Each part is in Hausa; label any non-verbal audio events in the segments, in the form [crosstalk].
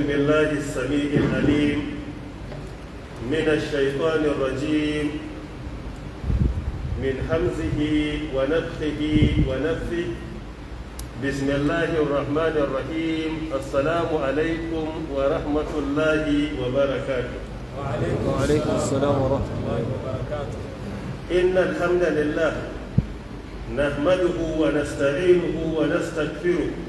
أعوذ بالله السميع العليم من الشيطان الرجيم من حمزه ونفخه ونفثه بسم الله الرحمن الرحيم السلام عليكم ورحمة الله وبركاته وعليكم, وعليكم السلام ورحمة الله وبركاته إن الحمد لله نحمده ونستعينه ونستغفره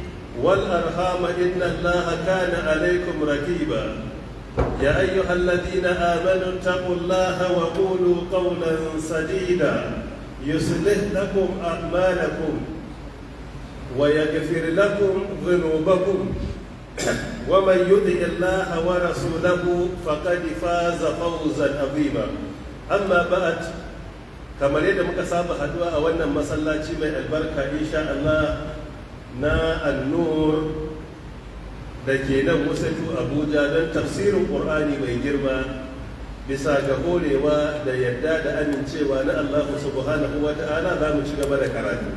والأرحام إن الله كان عليكم رقيبا يا أيها الذين آمنوا اتقوا الله وقولوا قولا سديدا يصلح لكم أعمالكم ويغفر لكم ذنوبكم ومن يطع الله ورسوله فقد فاز فوزا عظيما أما بعد كما يدمك سابقا أولا مسلاتي من البركة إن شاء الله na annur da ke nan wasatu abuja don tafsirin ƙur'ani mai girma bisa ga horewa da yadda da amincewa na allah subhanahu wa ta'ala za mu ci gaba da karatu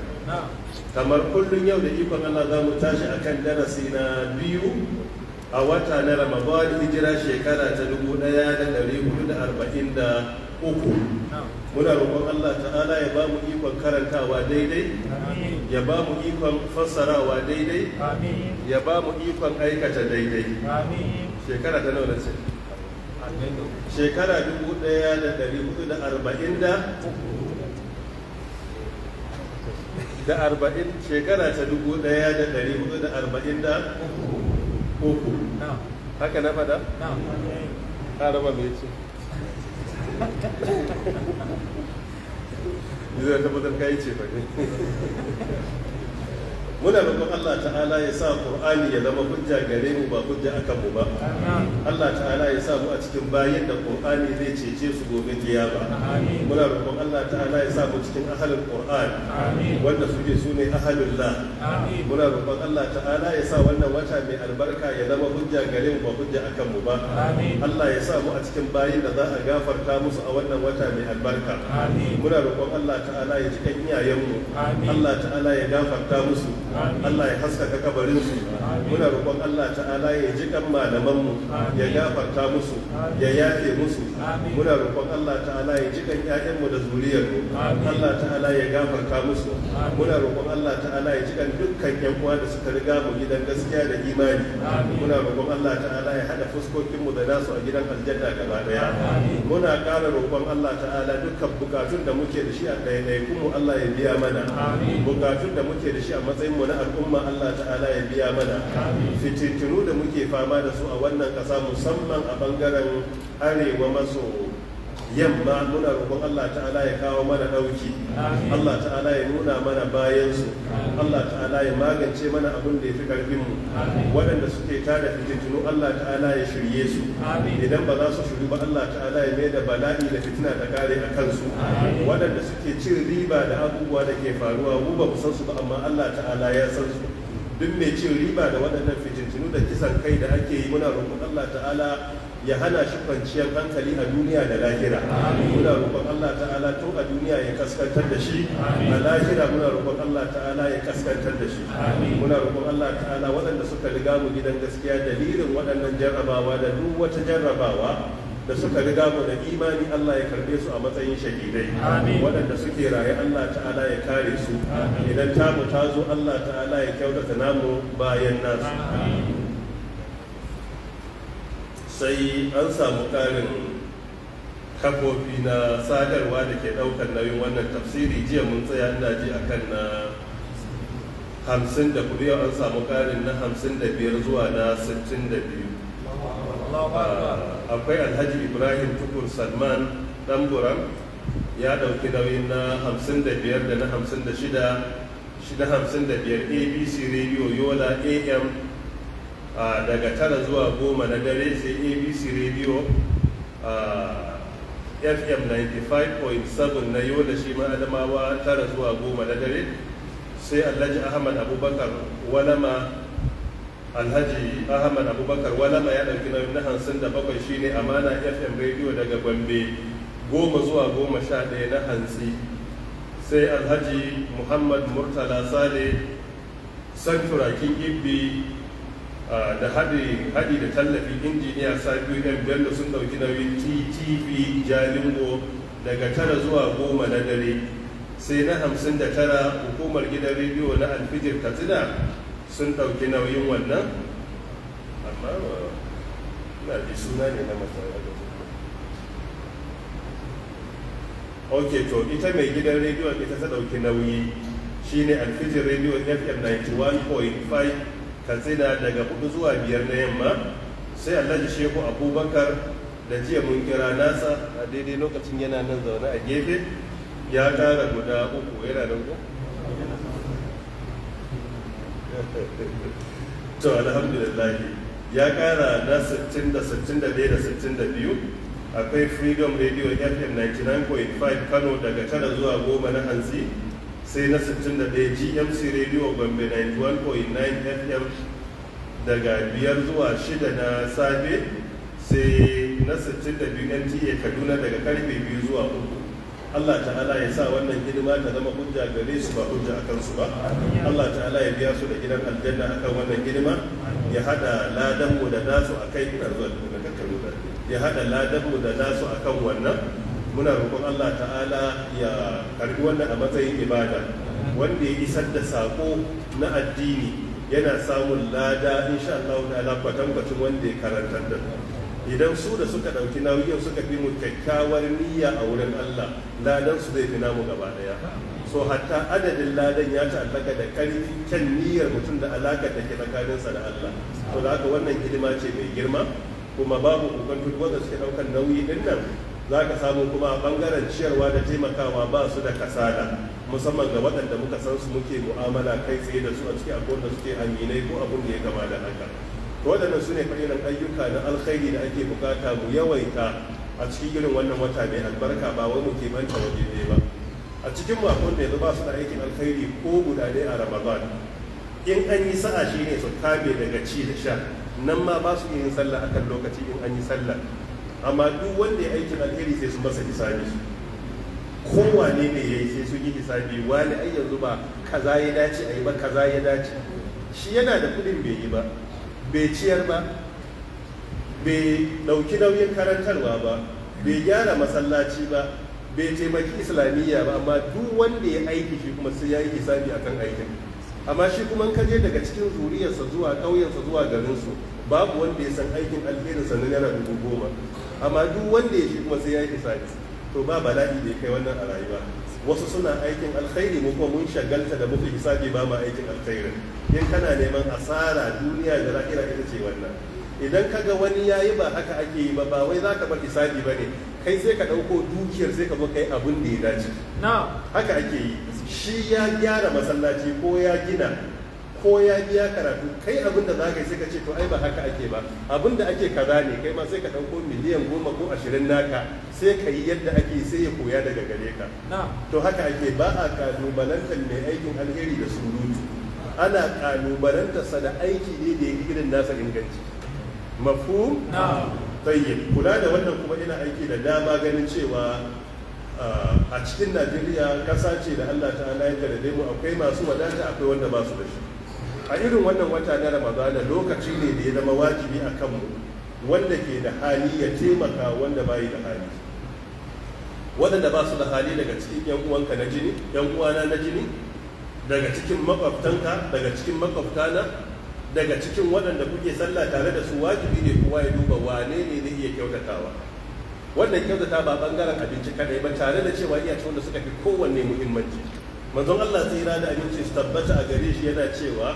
kamar kullum yau da ikon allah za mu tashi a kan darasi na biyu a wata na ramadan hijira shekara ta 1443 muna roƙon Allah ta'ala ya ba mu ikon karantawa daidai ya ba mu ikon fassarawa daidai ya ba mu ikon aikata daidai shekara ta nuna ce shekara dubu ɗaya da ɗari hudu da arba'in da da arba'in shekara ta dubu ɗaya da ɗari hudu da arba'in da uku haka na fada? na ƙarama mai ce Не знаю, это будет такая типа. muna roƙon Allah ta'ala ya sa Qur'ani ya zama hujja gare mu ba hujja akan mu ba Allah ta'ala ya sa mu a cikin bayin da Qur'ani zai cece su gobe kiyama muna roƙon Allah ta'ala ya sa mu cikin ahalin Qur'an wanda suke su ne la muna roƙon Allah ta'ala ya sa wannan wata mai albarka ya zama hujja gare mu ba hujja akan mu ba Allah ya sa mu a cikin bayin da za a gafarta musu a wannan wata mai albarka muna roƙon Allah ta'ala ya ji kan iyayenmu Allah ta'ala ya gafarta musu Allah ya haskaka kabarin su muna roƙon Allah ta'ala ya ji kan malaman mu ya gafarta musu ya yafe musu muna roƙon Allah ta'ala ya ji kan ƴaƴan mu da zuriyar mu Allah ta'ala ya gafarta musu muna roƙon Allah ta'ala ya ji kan dukkan ƴan uwa da suka riga mu gidan gaskiya da imani muna roƙon Allah ta'ala ya hada fuskokin mu da nasu a gidan aljanna gaba daya muna ƙara roƙon Allah ta'ala dukkan bukatun da muke da shi a ɗaya mu Allah ya biya mana bukatun da muke da shi a matsayin mu mu na al'umma Allah ta'ala ya biya mana fitintunu da muke fama da su a wannan ƙasa musamman a ɓangaren arewa maso yamma muna roƙon Allah ta'ala ya kawo mana ɗauki Allah ta'ala ya nuna mana bayansu Allah ta'ala ya magance mana abin da ya fi ƙarfinmu waɗanda suke tada fitintunu Allah ta'ala ya shirye su idan ba za su shiru ba Allah ta'ala ya mai da bala'i da fitina ta kare a kansu waɗanda suke cin riba da abubuwa da ke faruwa mu ba ku san su ba amma Allah ta'ala ya san su duk mai cin riba da waɗannan fitintunu da kisan kai da ake yi muna roƙon Allah ta'ala ya hana shi kwanciyar hankali a duniya da lahira muna roƙon Allah ta'ala tun a duniya ya kaskantar da shi a lahira muna roƙon Allah ta'ala ya kaskantar da shi muna roƙon Allah ta'ala waɗanda suka riga mu gidan gaskiya dalilin waɗannan jarrabawa da duk wata jarrabawa da suka riga mu da imani Allah ya karbe su a matsayin shahidai waɗanda suke raye Allah ta'ala ya kare su idan tamu ta zo Allah ta'ala ya kyautata namu bayan nasu sai an samu ƙarin kafofi na sadarwa da ke ɗaukar nauyin wannan tafsiri jiya mun tsaya ina ji a kan na hamsin da kudu an samu ƙarin na hamsin da biyar zuwa na sittin da biyu Uh, akwai alhaji ibrahim tukur salman dan buram ya dauki nauyin na 55 da na 56 shida 55 abc radio yola am uh, daga tara zuwa goma na dare sai abc radio uh, fm 95.7 na yola shi ma adamawa tara zuwa goma na dare sai alhaji ahmad abubakar walama alhaji ahmad abubakar walama ya ɗauki nauyin na hamsin da bakwai shine amana fm radio daga gombe goma zuwa goma sha ɗaya na hantsi sai alhaji muhammad murtala sale santurakin ibbi da haɗi da tallafi injiniya sabiu m bello sun ɗauki nauyin ttv jalingo daga tara zuwa goma na dare sai na hamsin da tara hukumar gidan rediyo na alfijir katsina sun ɗauki nauyin wannan amma uh, na ji suna ne na masarar ok to ita mai gidan rediyon ita ta ɗauki nauyi shine alfijin rediyo fm 91.5 katsina daga 4 zuwa 5 na yamma sai alhaji shehu abubakar da jiya mun kira nasa a daidai lokacin yana nan zaune a gefe ya kara guda uku yana da uku [laughs] to alhamdulillah ya kara na 60 da 61 da 62 akwai freedom radio fm 99.5 kano daga tara zuwa goma na hanzi sai na 61 gmc radio gombe 91.9 fm daga biyar zuwa shida na safe sai na 62 nta kaduna daga karfe biyu zuwa uku Allah ta'ala ya sa wannan hidima ta zama hujja gare su ba hujja a kansu ba Allah ta'ala ya biya su da gidan aljanna akan wannan hidima ya hada ladan mu da nasu akai ina zuwa da kakkaru da ya hada ladan mu da nasu akan wannan muna roƙon Allah ta'ala ya karbi wannan a matsayin ibada wanda ya isar da sako na addini yana samun lada insha Allah ta'ala kwatankwacin wanda ya karantar da idan su da suka ɗauki nauyin suka fi mu kyakkyawar niyya a wurin Allah ladan su zai fi namu gaba ɗaya so hatta adadin ladan ya ta'allaka da karfi kyan niyyar mutum da alaka da ke tsakaninsa da Allah to da haka wannan hidima ce mai girma kuma babu kokon duk wanda suke ɗaukar nauyi ɗin nan za ka samu kuma a ɓangaren ciyarwa da taimakawa ba su da kasada, musamman ga waɗanda muka san su muke mu'amala kai tsaye da su a cikin abubuwan da suke aminai ko abin da ya gama da haka waɗannan su ne irin ayyuka na alkhairi da ake bukata mu yawaita a cikin irin wannan wata mai albarka ba wani ke manta waje ne ba a cikin makon da yanzu ba su da aikin alkhairi ko guda ɗaya a ramadan in an yi sa'a shi ne su kame daga ci da sha nan ma ba su yin sallah akan lokaci in an yi sallah amma duk wanda ya aikin alkhairi sai su masa hisabi su kowane ne ya yi sai sun yi hisabi wani ai yanzu ba kaza ya dace a yi ba kaza ya dace shi yana da kuɗin bai yi ba bai ciyar ba bai ɗauki nauyin karantarwa ba bai gyara masallaci ba bai taimaki islamiyya ba amma duk wanda ya aiki shi kuma sai ya yi hisabi akan aikin amma shi kuma kaje daga cikin zuriyarsa zuwa ƙauyensa zuwa garinsu babu wanda ya san aikin alherinsa na naira dubu goma amma duk wanda ya shi kuma sai ya yi hisabi to ba bala'i da ya kai wannan a rayuwa wasu suna aikin alkhairi mu kuma mun shagalta da muka hisabi ba ma aikin alkhairin in kana neman asara duniya da lahira ita ce wannan idan kaga ga wani yi ba haka ake yi ba ba wai za ka bar isabi ba ne kai sai ka ɗauko dukiyar sai ka kai abin da ya dace haka ake yi shi ya gyara masallaci ko ya gina ko ya biya karatu kai abin da za ka yi sai ka ce to ai ba haka ake ba abin da ake kaza ne kai ma sai ka ɗauko miliyan goma ko ashirin naka sai ka yi yadda ake sai ya koya daga gare ka to haka ake ba a kalubalantar mai aikin alheri da surutu ana kalubalantarsa da aiki ne da ya irin nasa inganci mafu tayyib kula da wannan kuma ina aiki da dama ganin cewa a cikin najeriya kasa ce da allah ta'ala ya da mu akwai masu wadata akwai wanda ba su da shi a irin wannan wata na ramadana lokaci ne da ya zama wajibi a kanmu wanda ke da hali ya taimaka wanda bayi da hali waɗanda ba su da hali daga cikin yan na jini yan uwana na jini daga cikin makwabtanka daga cikin makwabtana daga cikin waɗanda kuke sallah tare da su wajibi ne kowa ya duba wane ne zai iya kyautatawa wannan kyautata ba bangaren abinci kadai ba tare da cewa iya wanda suka fi kowanne muhimmanci manzon Allah tsira da abinci su tabbata a gare shi yana cewa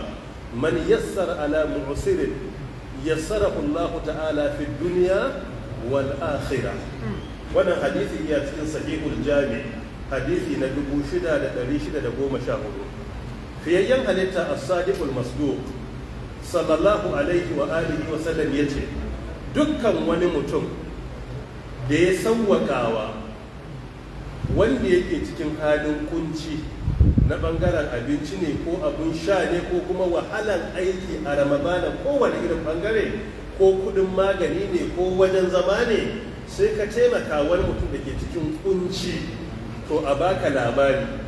man yassara ala mu'sirin yassarahu Allahu ta'ala fi dunya wal wannan hadisi iya cikin sahihul jami' hadisi na 6614 fiyayyen halitta a sadiqul masdu sallallahu alaihi wa alihi wa sallam yace dukkan wani mutum da ya sawwakawa wanda yake cikin halin kunci na bangaren abinci ne ko abin sha ne ko kuma wahalan aiki a ramadana kowane irin bangare ko kudin magani ne ko wajen zama ne sai ka taimaka wani mutum da ke cikin kunci to a baka labari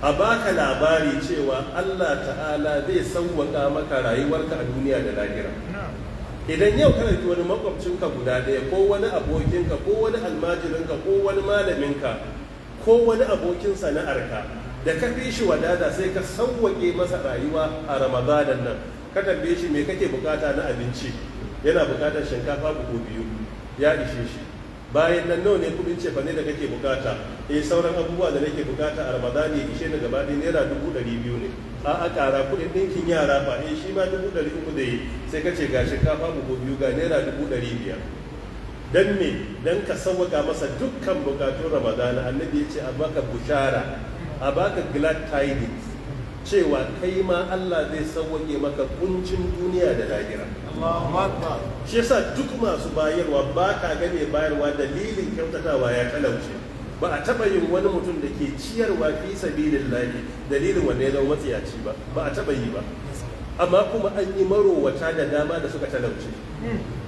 a baka labari cewa Allah ta'ala zai sauwaka maka rayuwarka a duniya da lahira idan yau kana da wani makwabcinka guda ɗaya ko wani abokinka ko wani almajirinka ko wani malaminka ko wani abokin sana'arka da ka fi shi wadada sai ka sauwake masa rayuwa a ramadanan nan ka tambaye shi me kake bukata na abinci yana bukatar shinkafa buhu biyu ya ishe shi bayan nan nawa ne kudin cefa ne da kake bukata eh sauran abubuwa da nake bukata a ramadani ya ishe na gaba ɗaya naira dubu ɗari biyu ne a a ƙara kudin ɗinkin yara ba eh shi ma dubu ɗari uku da yi sai ka ce ga shinkafa ko biyu ga naira dubu ɗari biyar dan me dan ka sauwaka masa dukkan bukatun ramadani annabi ya ce a baka bushara a baka glad tidings cewa kai ma Allah zai sauwake maka kuncin duniya da lahira shi yasa duk masu bayarwa ba ka gane bayarwa dalilin kyautatawa ya talauce ba a taɓa yin wani mutum da ke ciyarwa fi sabilin lahi dalilin wanda ya zama matsiyaci ba ba a taɓa yi ba amma kuma an yi marowata da dama da suka talauce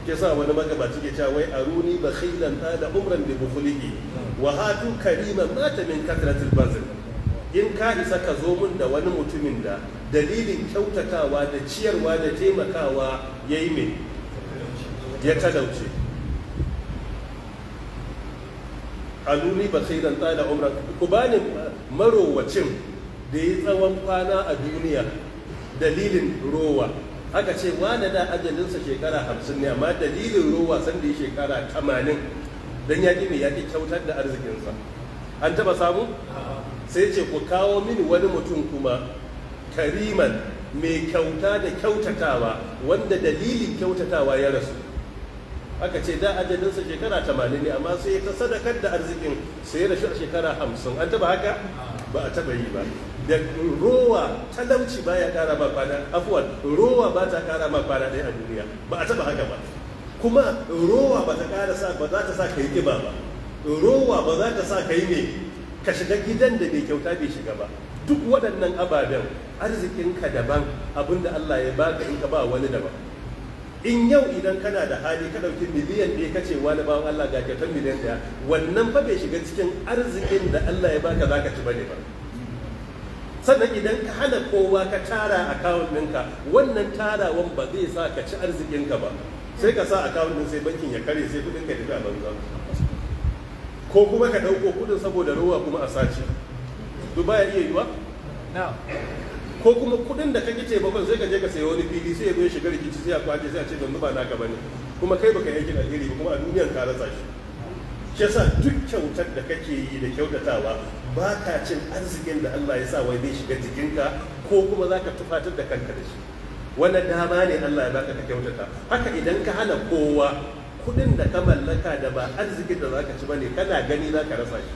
ke sa wani magabaci ke cewa wai aruni bakhilan da umran bi bufuliki wa hatu kariman mata min katratil bazil in ka isa ka zo mun da wani mutumin da dalilin kyautatawa da ciyarwa da taimakawa ya yi mai ya talauce aluni basiran da umran ku bani marowacin da ya tsawon kwana a duniya dalilin rowa aka ce wane da ajalinsa shekara hamsin ne amma dalilin rowa sanda ya shekara tamanin don ya ƙi mai ya kyautar da arzikinsa an taɓa samu? sai ce ku kawo mini wani mutum kuma kariman mai kyauta da kyautatawa wanda dalilin kyautatawa ya rasu aka ce da ajalinsa shekara tamanin ne amma sai ta sadakar da arzikin sai rashi a shekara hamsin an taba haka ba a taba yi ba da rowa talauci baya kara ma kwana afuwan rowa ba ta kara ma kwana ɗaya a duniya ba a taba haka ba kuma rowa ba ta kara sa ba za ta sa ka yi ƙiba ba rowa ba za ta sa ka yi ne ka shiga gidan da bai kyauta bai shiga ba duk waɗannan ababen arzikinka daban abinda Allah ya baka in ka ba wani daban in yau idan kana da hali ka ɗauki miliyan ɗaya kace wani bawan Allah ga kyautar miliyan ɗaya wannan fa bai shiga cikin arzikin da Allah ya baka zaka ci bane ba sannan idan ka hana kowa ka tara akawun ɗinka wannan tarawan ba zai sa ka ci arzikinka ba sai ka sa akawun ɗin sai bankin ya kare sai kuɗin ka tafi a banza ko kuma ka dauko kuɗin saboda rowa kuma a sace to baya iya yiwa ko kuma kuɗin da kake taimakon sai ka je ka sayi wani fili sai ya zo shiga rikici sai a kwace sai a ce don ba naka bane kuma kai baka yi alheri ba kuma a duniyar ka rasa shi shi yasa duk kyautar da kake yi da kyautatawa ba ka cin arzikin da Allah ya sa wai zai shiga jikinka ko kuma zaka tufatar da kanka da shi wannan dama ne Allah ya baka ka kyautata haka idan ka hana kowa kudin da ka mallaka da ba arzikin da za ka ci ne kana gani za ka rasa shi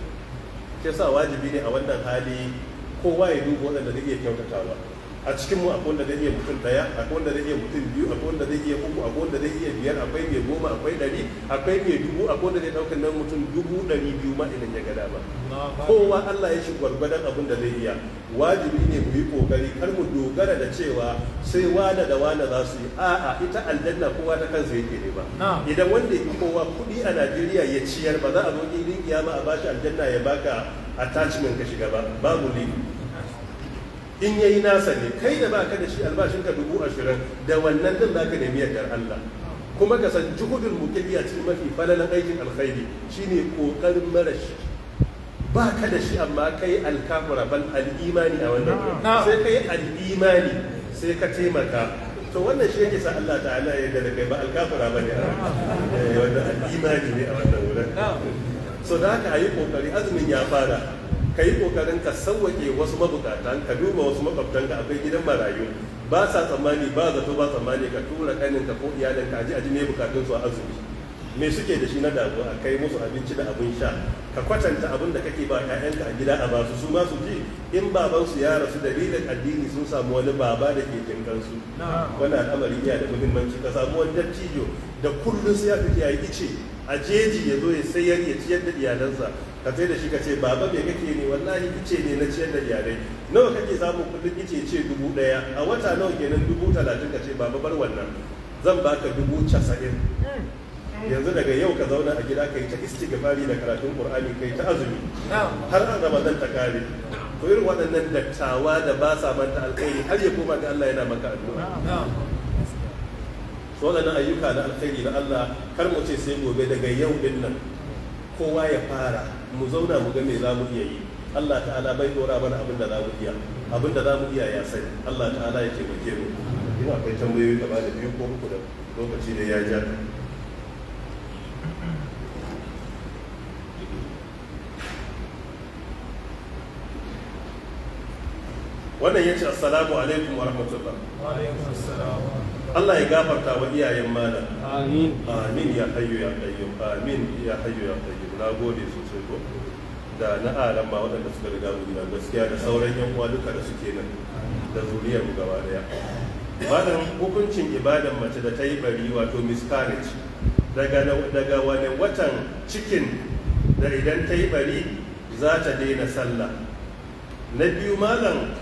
shi sa wajibi ne a wannan hali kowa ya duba waɗanda zai iya kyautatawa a cikin mu akwai wanda zai iya mutum daya akwai wanda zai iya mutum biyu akwai wanda zai iya uku akwai wanda zai iya biyar akwai mai goma akwai dari, akwai mai dubu akwai wanda zai ɗaukar nan mutum dubu dari biyu ma idan ya gada ba kowa Allah ya shi gwargwadon abin da zai iya wajibi ne mu yi kokari kar mu dogara da cewa sai wada da wana za su yi a'a ita aljanna kowa ta kansa yake ne ba idan wanda yake kowa kuɗi a Najeriya ya ciyar ba za a zo iya kiyama a bashi aljanna ya baka attachment ka shiga ba babu ne. in yayi nasa ne kai da baka da shi albashinka dubu ashirin da wannan din zaka da yardar Allah kuma ka san juhudul mukilli a cikin mafi falalan aikin alkhairi shine kokarin marashi ba ka da shi amma kai alkafura bal al'imani a wannan sai kai al'imani sai ka taimaka to wannan shi yake sa Allah ta'ala ya yarda da kai ba alkafura bane a wannan eh, al'imani ne a wannan wurin so da haka ayi kokari azumin ya fara ka yi ƙoƙarin ka sauwaƙe wasu mabukatan ka duba wasu makwabtan ka akwai gidan marayu ba sa tsammani ba zato ba tsammani ka tura ƙaninka ko Ka aji aji me bukatun su a azumi me suke da shi na damuwa a kai musu abinci da abin sha ka kwatanta abin da kake ba ƴaƴanka a gida a basu su ma su ji in babansu ya rasu dalilin addini sun samu wani baba da ke jinkansu wani al'amari yana da muhimmanci ka samu wani dattijo da kullum sai ya fita ya yi ice a jeji ya zo ya sayar ya ciyar da iyalansa ka sai da shi ka ce baba me kake ne wallahi ice ne na ciyar da iyalai nawa kake samu kullum ice ce dubu daya a wata nawa kenan dubu talatin ka ce baba bar wannan zan baka dubu casa'in yanzu daga yau ka zauna a gida ka yi ta istighfari da karatun qur'ani kai ta azumi har an ramadan ta kare to irin waɗannan dattawa da ba sa manta alkhairi har ya koma ga Allah yana maka addu'a so da ayyuka na alkhairi na Allah kar mu ce sai gobe daga yau din nan kowa ya fara mu zauna mu ga me za mu iya yi Allah ta'ala bai dora mana abin da za mu iya abin da za mu iya ya sai Allah ta'ala ya taimake mu in akwai tambayoyi gaba da biyu ko uku da lokaci ne ya ja wannan ya ce assalamu alaikum wa rahmatullah Allah ya gafarta wa iyayen mana amin amin ya hayyu ya qayyum amin ya hayyu ya qayyum na gode su ko da na alam ma waɗanda suka riga mu gina gaskiya da sauran yan uwa duka da suke nan da zuriyar mu gaba daya malam hukuncin ibadan mace da ta yi bari wato miscarriage daga daga wani watan cikin da idan ta yi bari za ta daina sallah na biyu malam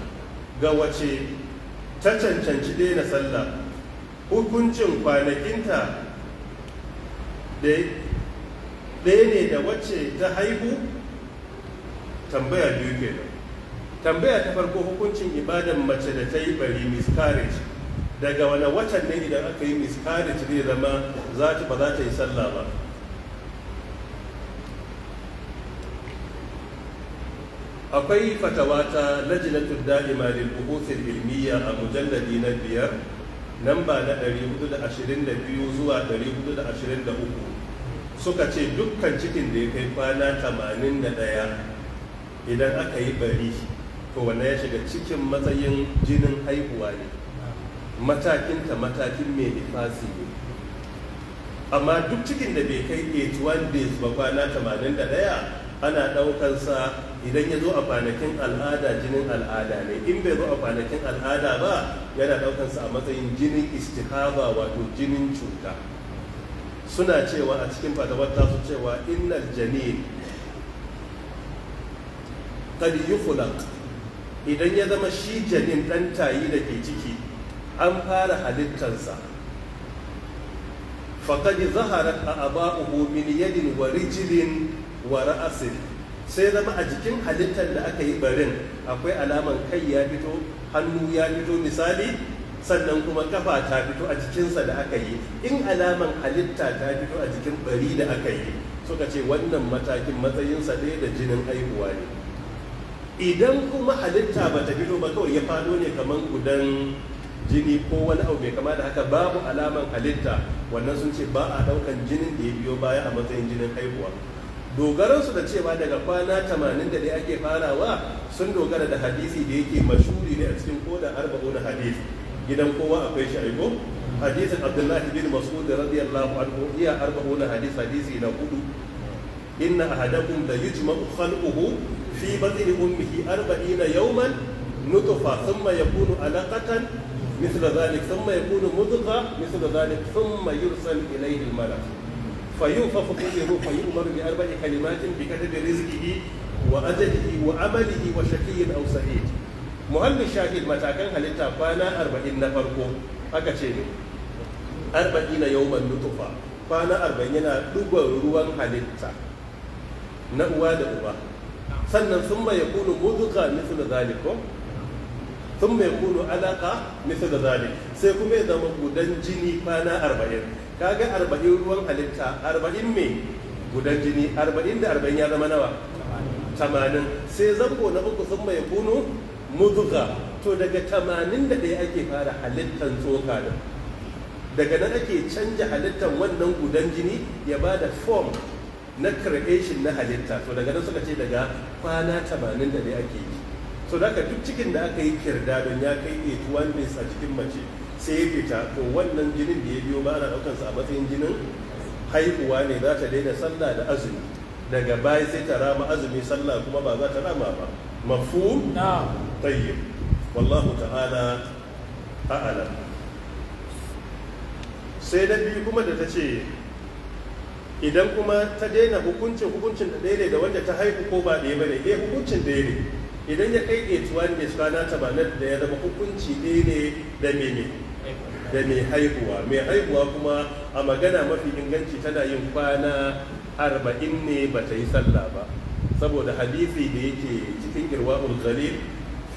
ga wace ta cancanci daina sallah hukuncin kwanakinta da ɗaya ne da wacce ta haihu tambaya biyu da tambaya ta farko hukuncin ibadan mace da ta yi bari miscarriage daga wani watan ne idan aka yi miscarriage ne zama za ta ba za ta yi sallah ba akwai fatawa ta lajinatul da'ima da buhuthil ilmiya a mujalladi na biyar ba na 422 zuwa 423 suka ce dukkan cikin da ya kai kwana 81 idan aka yi bari to wannan ya shiga cikin matsayin jinin haihuwa ne matakinta matakin mai nifasi ne amma duk cikin da bai kai 81 days ba kwana 81 ana ɗaukansa idan ya zo a kwanakin al'ada jinin al'ada ne in bai zo a kwanakin al'ada ba yana ɗaukansa a matsayin jinin istihaba wato jinin cuta suna cewa a cikin fatawar tasu cewa innal janin qad yuflaq idan ya zama shi janin dan tayi da ke ciki an fara halittarsa faqad zaharat a'ba'uhu min yadin wa rijlin wa ra'sin sai zama a jikin halittar da aka yi barin akwai alaman kai ya fito hannu ya fito misali sannan kuma kafa ta fito a jikinsa da aka yi in alaman halitta ta fito a jikin bari da aka yi suka ce wannan matakin matsayinsa ɗaya da jinin haihuwa ne idan kuma halitta ba ta fito ba kawai ya fado ne kamar gudan jini ko wani abu mai kama da haka babu alaman halitta wannan sun ce ba a ɗaukan jinin da ya biyo baya a matsayin jinin haihuwa dogaransu da cewa daga kwana 80 da dai ake farawa sun dogara da hadisi da yake mashuri ne a cikin koda arba'una hadisi gidan kowa akwai shi aiko hadisin abdullahi bin mas'ud radiyallahu anhu iya arba'una hadis hadisi na hudu inna ahadakum la yujma'u khalquhu fi batni ummihi arba'ina yawman nutfa thumma yakunu alaqatan مثل ذلك ثم يكون مضغة مثل ذلك ثم يرسل إليه الملك فينفخ فيه فيؤمر بأربع كلمات بقدر رزقه وأجله وعمله وشقي أو سعيد muhallin shahid matakan halitta kwana arba'in na farko aka ce ne arba'in na yawman nutufa kwana arba'in yana dugon ruwan halitta na uwa da uba sannan sun mai yakunu muzuka misu da zaliko sun mai yakunu alaka misu da zalik sai kuma ya zama gudan jini kwana arba'in kaga arba'in ruwan halitta arba'in mai gudan jini arba'in da arba'in ya zama nawa tamanin sai zango na uku sun mai kunu? mudga to daga 81 ake fara halittar tsoka da daga nan ake canja halittar wannan gudan jini ya ba da form na creation na halitta to daga nan suka ce daga kwana 81 ake yi so da duk cikin da aka yi kirda don ya kai 81 days a cikin mace sai ya fita to wannan jinin da ya biyo ba ana sa a matsayin jinin haihuwa ne za ta daina sallah da azumi daga baya sai ta rama azumi sallah kuma ba za ta rama ba مفهوم نعم طيب والله تعالى أعلم sai na biyu kuma da ta ce idan kuma ta daina hukuncin hukuncin da daidai ne da wanda ta haihu ko ba daya ba ne eh hukuncin daidai ne idan ya kai 81 ne kana ta banar da ya zama hukunci daidai ne da mene da mai haihuwa mai haihuwa kuma a magana mafi inganci tana yin kwana arba'in ne ba ta yi sallah ba saboda hadisi da yake cikin ul ghalil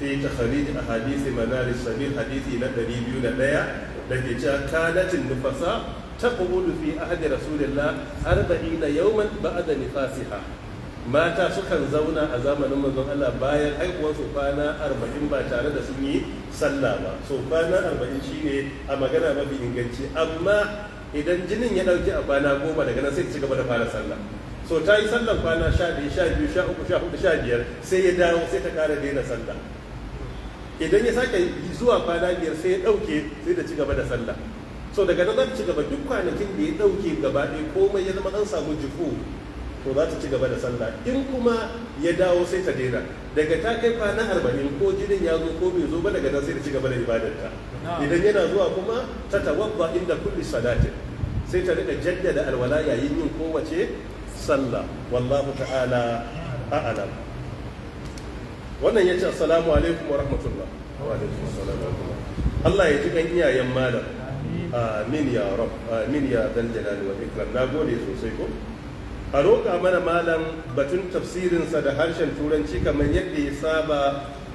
fi takhrij ahadith manar sabil hadisi na biyu da ke cewa kanatin nufasa taqulu fi ahdi rasulillah 40 yawman ba'da nifasiha mata sukan zauna a zamanin manzon Allah bayan haihuwar su kwana arba'in ba tare da sun yi sallah ba so kwana arba'in shine a magana mafi inganci amma idan jinin ya dauki a kwana goma daga nan sai ci gaba da fara sallah so ta yi sallan kwana sha biyu sha biyu sha uku sha hudu sha biyar sai ya dawo sai ta kara daina salla idan ya sake zuwa kwana biyar sai ya ɗauke sai da ci gaba da salla so daga nan zan ci gaba duk kwanakin da ya dauke gaba ɗaya komai ya zama an samu jifu to za ta ci gaba da salla in kuma ya dawo sai ta daina daga ta kai kwana arba'in ko jinin ya zo ko bai zo ba daga nan sai ta ci gaba da ibadarta idan yana zuwa kuma ta tawabba inda kulli salatin sai ta rika jaddada alwala yayin yin kowace sallah wallahu ta'ala a'lam wannan yace assalamu alaikum wa rahmatullah wa alaikum assalam Allah ya ji kan iyayen malam amin ya rab amin ya dal jalal wal ikram nagode sosai ko a roƙa mana malam batun tafsirinsa da harshen turanci kamar yadda ya saba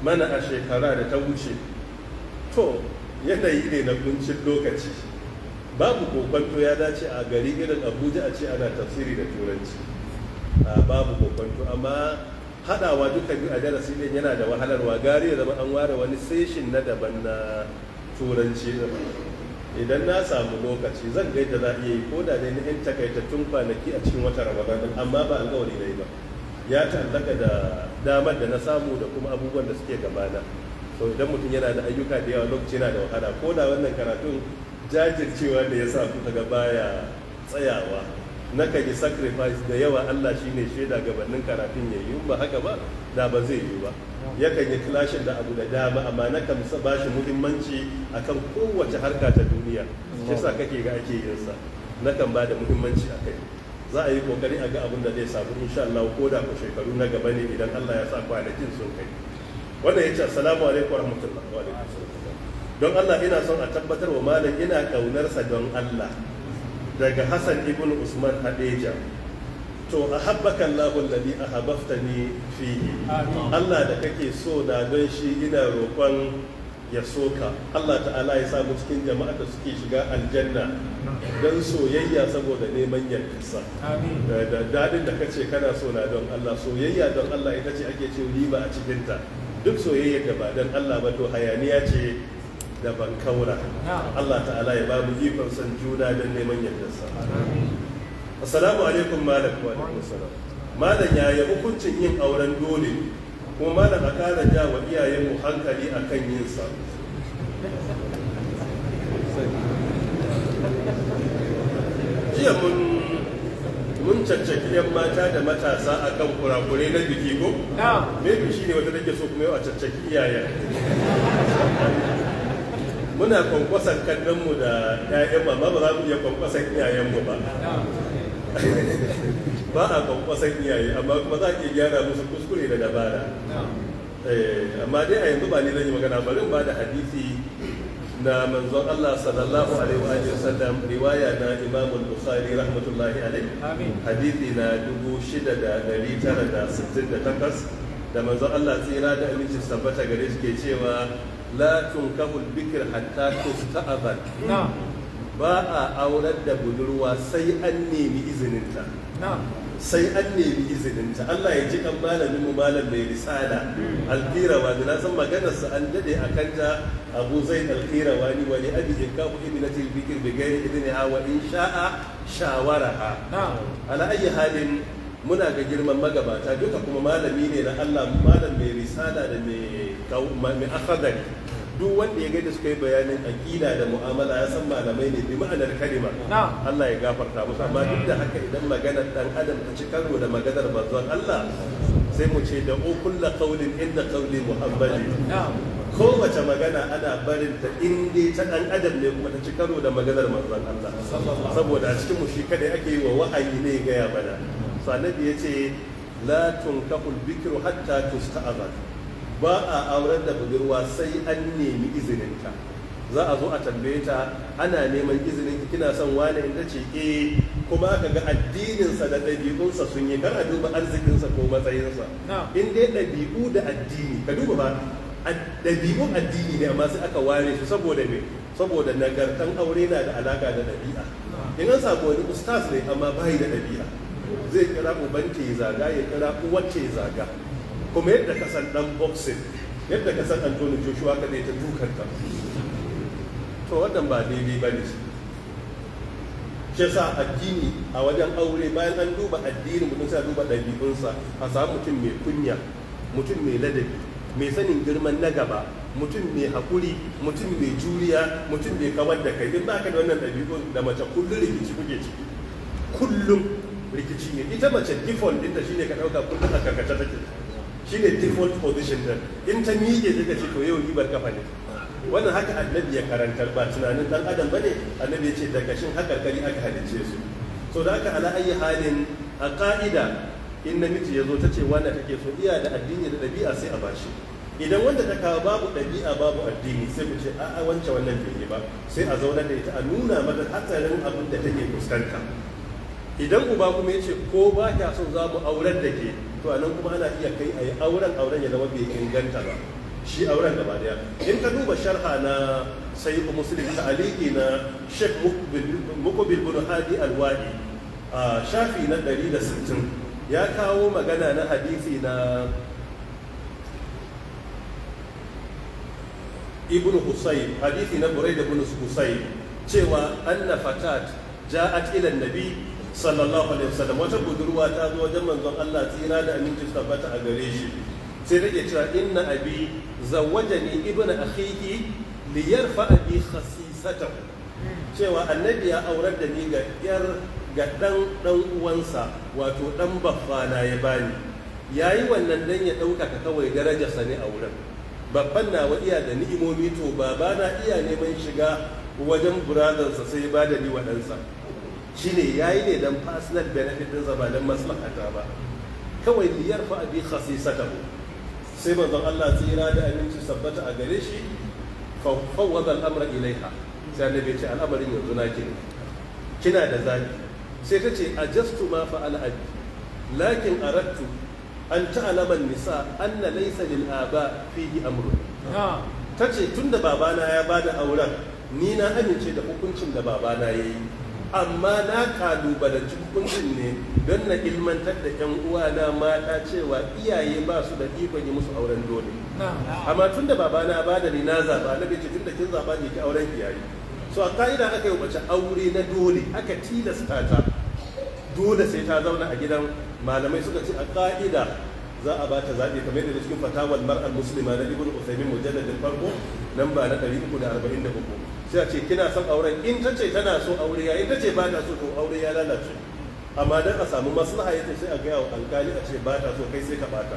mana a shekara da ta wuce to yanayi ne na kuncin lokaci babu kokwanto ya dace a gari irin abuja a ce ana tafsiri da turanci babu kokwanto amma haɗawa duka biyu a darasi ne yana da wahalarwa gari ya zama an ware wani seshin na daban na turanci idan na samu lokaci zan gaida za iya yi ko da dai na 'yan takaitattun kwanaki a cikin wata ramadan amma ba alkawari na yi ba ya ta'allaka da damar da na samu da kuma abubuwan da suke gabana so idan mutum yana da ayyuka da yawa lokaci yana da wahala ko da wannan karatun jajircewa da ya sa kuka ga baya tsayawa na kan yi sacrifice da yawa Allah shi ne shaida gabanin karatun ya yi ba haka ba da ba zai yi ba yakan yi clashin da abu da dama amma na kan ba shi muhimmanci akan kowace harka ta duniya shi sa kake ga ake yin sa na kan ba da muhimmanci a kai za a yi kokari a ga abin da zai samu insha Allah ko da ku shekaru na gaba ne idan Allah ya sa kwanakin sun kai wannan yace assalamu alaikum warahmatullahi wabarakatuh don Allah ina son a tabbatar wa malam ina ƙaunarsa don Allah daga Hassan ibn Usman Hadeja to a habbaka a habafta ni fihi Allah da kake so na don shi ina roƙon ya soka Allah ta'ala ya samu cikin jama'a da suke shiga aljanna don soyayya saboda neman yankarsa da dadin da kace kana so na don Allah soyayya don Allah ita ce ake ce riba a cikinta duk soyayya da ba don Allah ba to hayaniya ce da bankaura Allah ta'ala ya babu ikon san juna don neman yardarsa assalamu alaikum malam wa alaikum salam malam ya yi hukuncin yin auren dole kuma malam a kara ja wa iyayen mu hankali akan yin sa jiya mun mun caccaki yan mata da matasa akan kurakure na biki ko? Me shi ne wata take so kuma yau a caccaki iyayen. muna kwankwasan kannanmu da 'ya'yan ba ba za mu iya kwankwasan iyayenmu ba [laughs] ba a kwankwasan iyaye amma kuma za ke iya gyara musu kuskure da dabara eh, amma dai a yanzu ba ni zan yi magana bari ba da hadisi na manzon Allah sallallahu alaihi wa sallam riwaya na Imam Bukhari rahmatullahi alaihi hadisi na 6968 da manzon Allah tsira da aminci sabbata gare shi ke cewa latun tunkahul bikir hatta tusta'aban ba a aurar da budurwa sai an nemi izininta sai an nemi izininta Allah ya ji kan malamin mu malam mai risada. alkirawa da na san maganar sa an dade a kanta Abu Zaid alkirawa ni wani abi jikabu ibnatil bikir bi gairi idniha wa in sha'a shawaraha ala ayi halin muna ga girman magabata duka kuma malami ne na Allah malam mai risala da mai akhadari duk wanda ya ga da suka yi bayanin aqida da mu'amala ya san malamai ne bi ma'anar Karima. Allah ya gafarta musu amma duk da haka idan maganar dan adam ta ci karo da maganar manzon Allah sai mu ce da kulla qaulin inda qauli muhammadin kowace magana ana barin ta inda ta dan adam ne kuma ta ci karo da maganar manzon Allah saboda a cikin mu shi kada ake yi wa wa'ayi ne ga ya bana sanadi annabi ya ce latin kaful bikru hatta tusta'azan ba a auren da budurwa sai an nemi izininta za a zo a tambaye ta ana neman izinin kina son wane in ce e kuma aka ga addininsa da ɗabi'unsa sun yi kar a duba arzikinsa ko matsayinsa in dai ɗabi'u da addini ka duba ba ɗabi'un addini ne amma sai aka ware su saboda me saboda nagartan aure na da alaka da ɗabi'a in an samu wani ustaz ne amma bayi da ɗabi'a zai kira uban ta zaga ya kira uwar ta zaga kuma yadda ka san dan boxing yadda ka san Anthony Joshua ka ta dukan ta to wannan ba daidai ba ne shi sa addini a wajen aure bayan an duba addini mutum sai duba ɗabi'unsa a samu mutum mai kunya mutum mai ladabi mai sanin girman na gaba mutum mai haƙuri mutum mai juriya mutum mai kawar da kai in ba ka da wannan ɗabi'un da mace kullum rikici kuke ciki kullum rikici ne ita mace default din da shine ka dauka kullum a karkata take shine default position din in ta miƙe daga ce to yau ribar kafa ne wannan haka annabi ya karantar ba tunanin dan adam bane annabi ya ce daga shin kari aka halice su so da aka ala ayi halin a ka'ida in namiji ya zo ta ce wanda take so iya da addini da ɗabi'a sai a bashi idan wanda ta kawo babu ɗabi'a babu addini sai mu ce a'a wancan wannan bai ba sai a zauna da ita a nuna mata hatsarin abin da take fuskanta idan uba kuma ya ce ko ba kya son za mu auren da ke to a nan kuma ana iya kai a yi auren auren ya zama bai inganta ba shi auren da ba daya in ka duba sharha na sai ku musulun ta aliki na sheikh mukubil bin hadi alwadi a shafi na 160 ya kawo magana na hadisi na ibn husayn hadisi na buraida bin husayn cewa anna fatat ja'at ila nabi sallallahu alaihi wasallam wata budurwa ta zo wajen manzon Allah tsira da aminci ta tabbata a gare shi sai take cewa inna abi zawwajani ibnu akhihi li yarfa abi khasisatahu cewa annabi ya aurar da ni ga yar ga dan dan uwansa wato dan baffana ya bani yayi wannan dan ya ɗaukaka kawai darajarsa ne a wurin babban nawa iya da ni'imomi to baba na iya neman shiga wajen buradansa sai ba da ni wadansa ya yayi ne dan personal benefit din sa ba maslahata ba kawai liyar fa abi khasisatahu sai manzon Allah tsira da aminci sabbata a gare shi fa fawwada al ilaiha sai annabi ce al'amarin yanzu na ne kina da zabi sai ta ce ajastu ma fa al-abi lakin aradtu an ta'lama an-nisa anna laysa lil aba fihi amrun ta ce tun da babana ya bada auren ni na amince da hukuncin da babana ya yi amma na kalubalanci hukuncin ne don na ilmantar da yan uwa na mata cewa iyaye ba su da ikon yi musu auren dole amma tun da baba na ba da ni na zaba na bai tun da kin zaba ne ki auren iyaye so a ka'ida aka yi wace aure na dole aka tilasta ta dole sai ta zauna a gidan malamai suka ce a ka'ida za a ba ta zaɓe kamar yadda cikin fatawar mar'ar musulma na ibn usaimin mujalladin farko nan ba na 343 sai a ce kina son auren in ta ce tana so aure ya in ta ce ba ta so to aure ya lalace amma dan a samu maslaha yace sai a ga wa alkali a ce ba ta so kai sai ka bata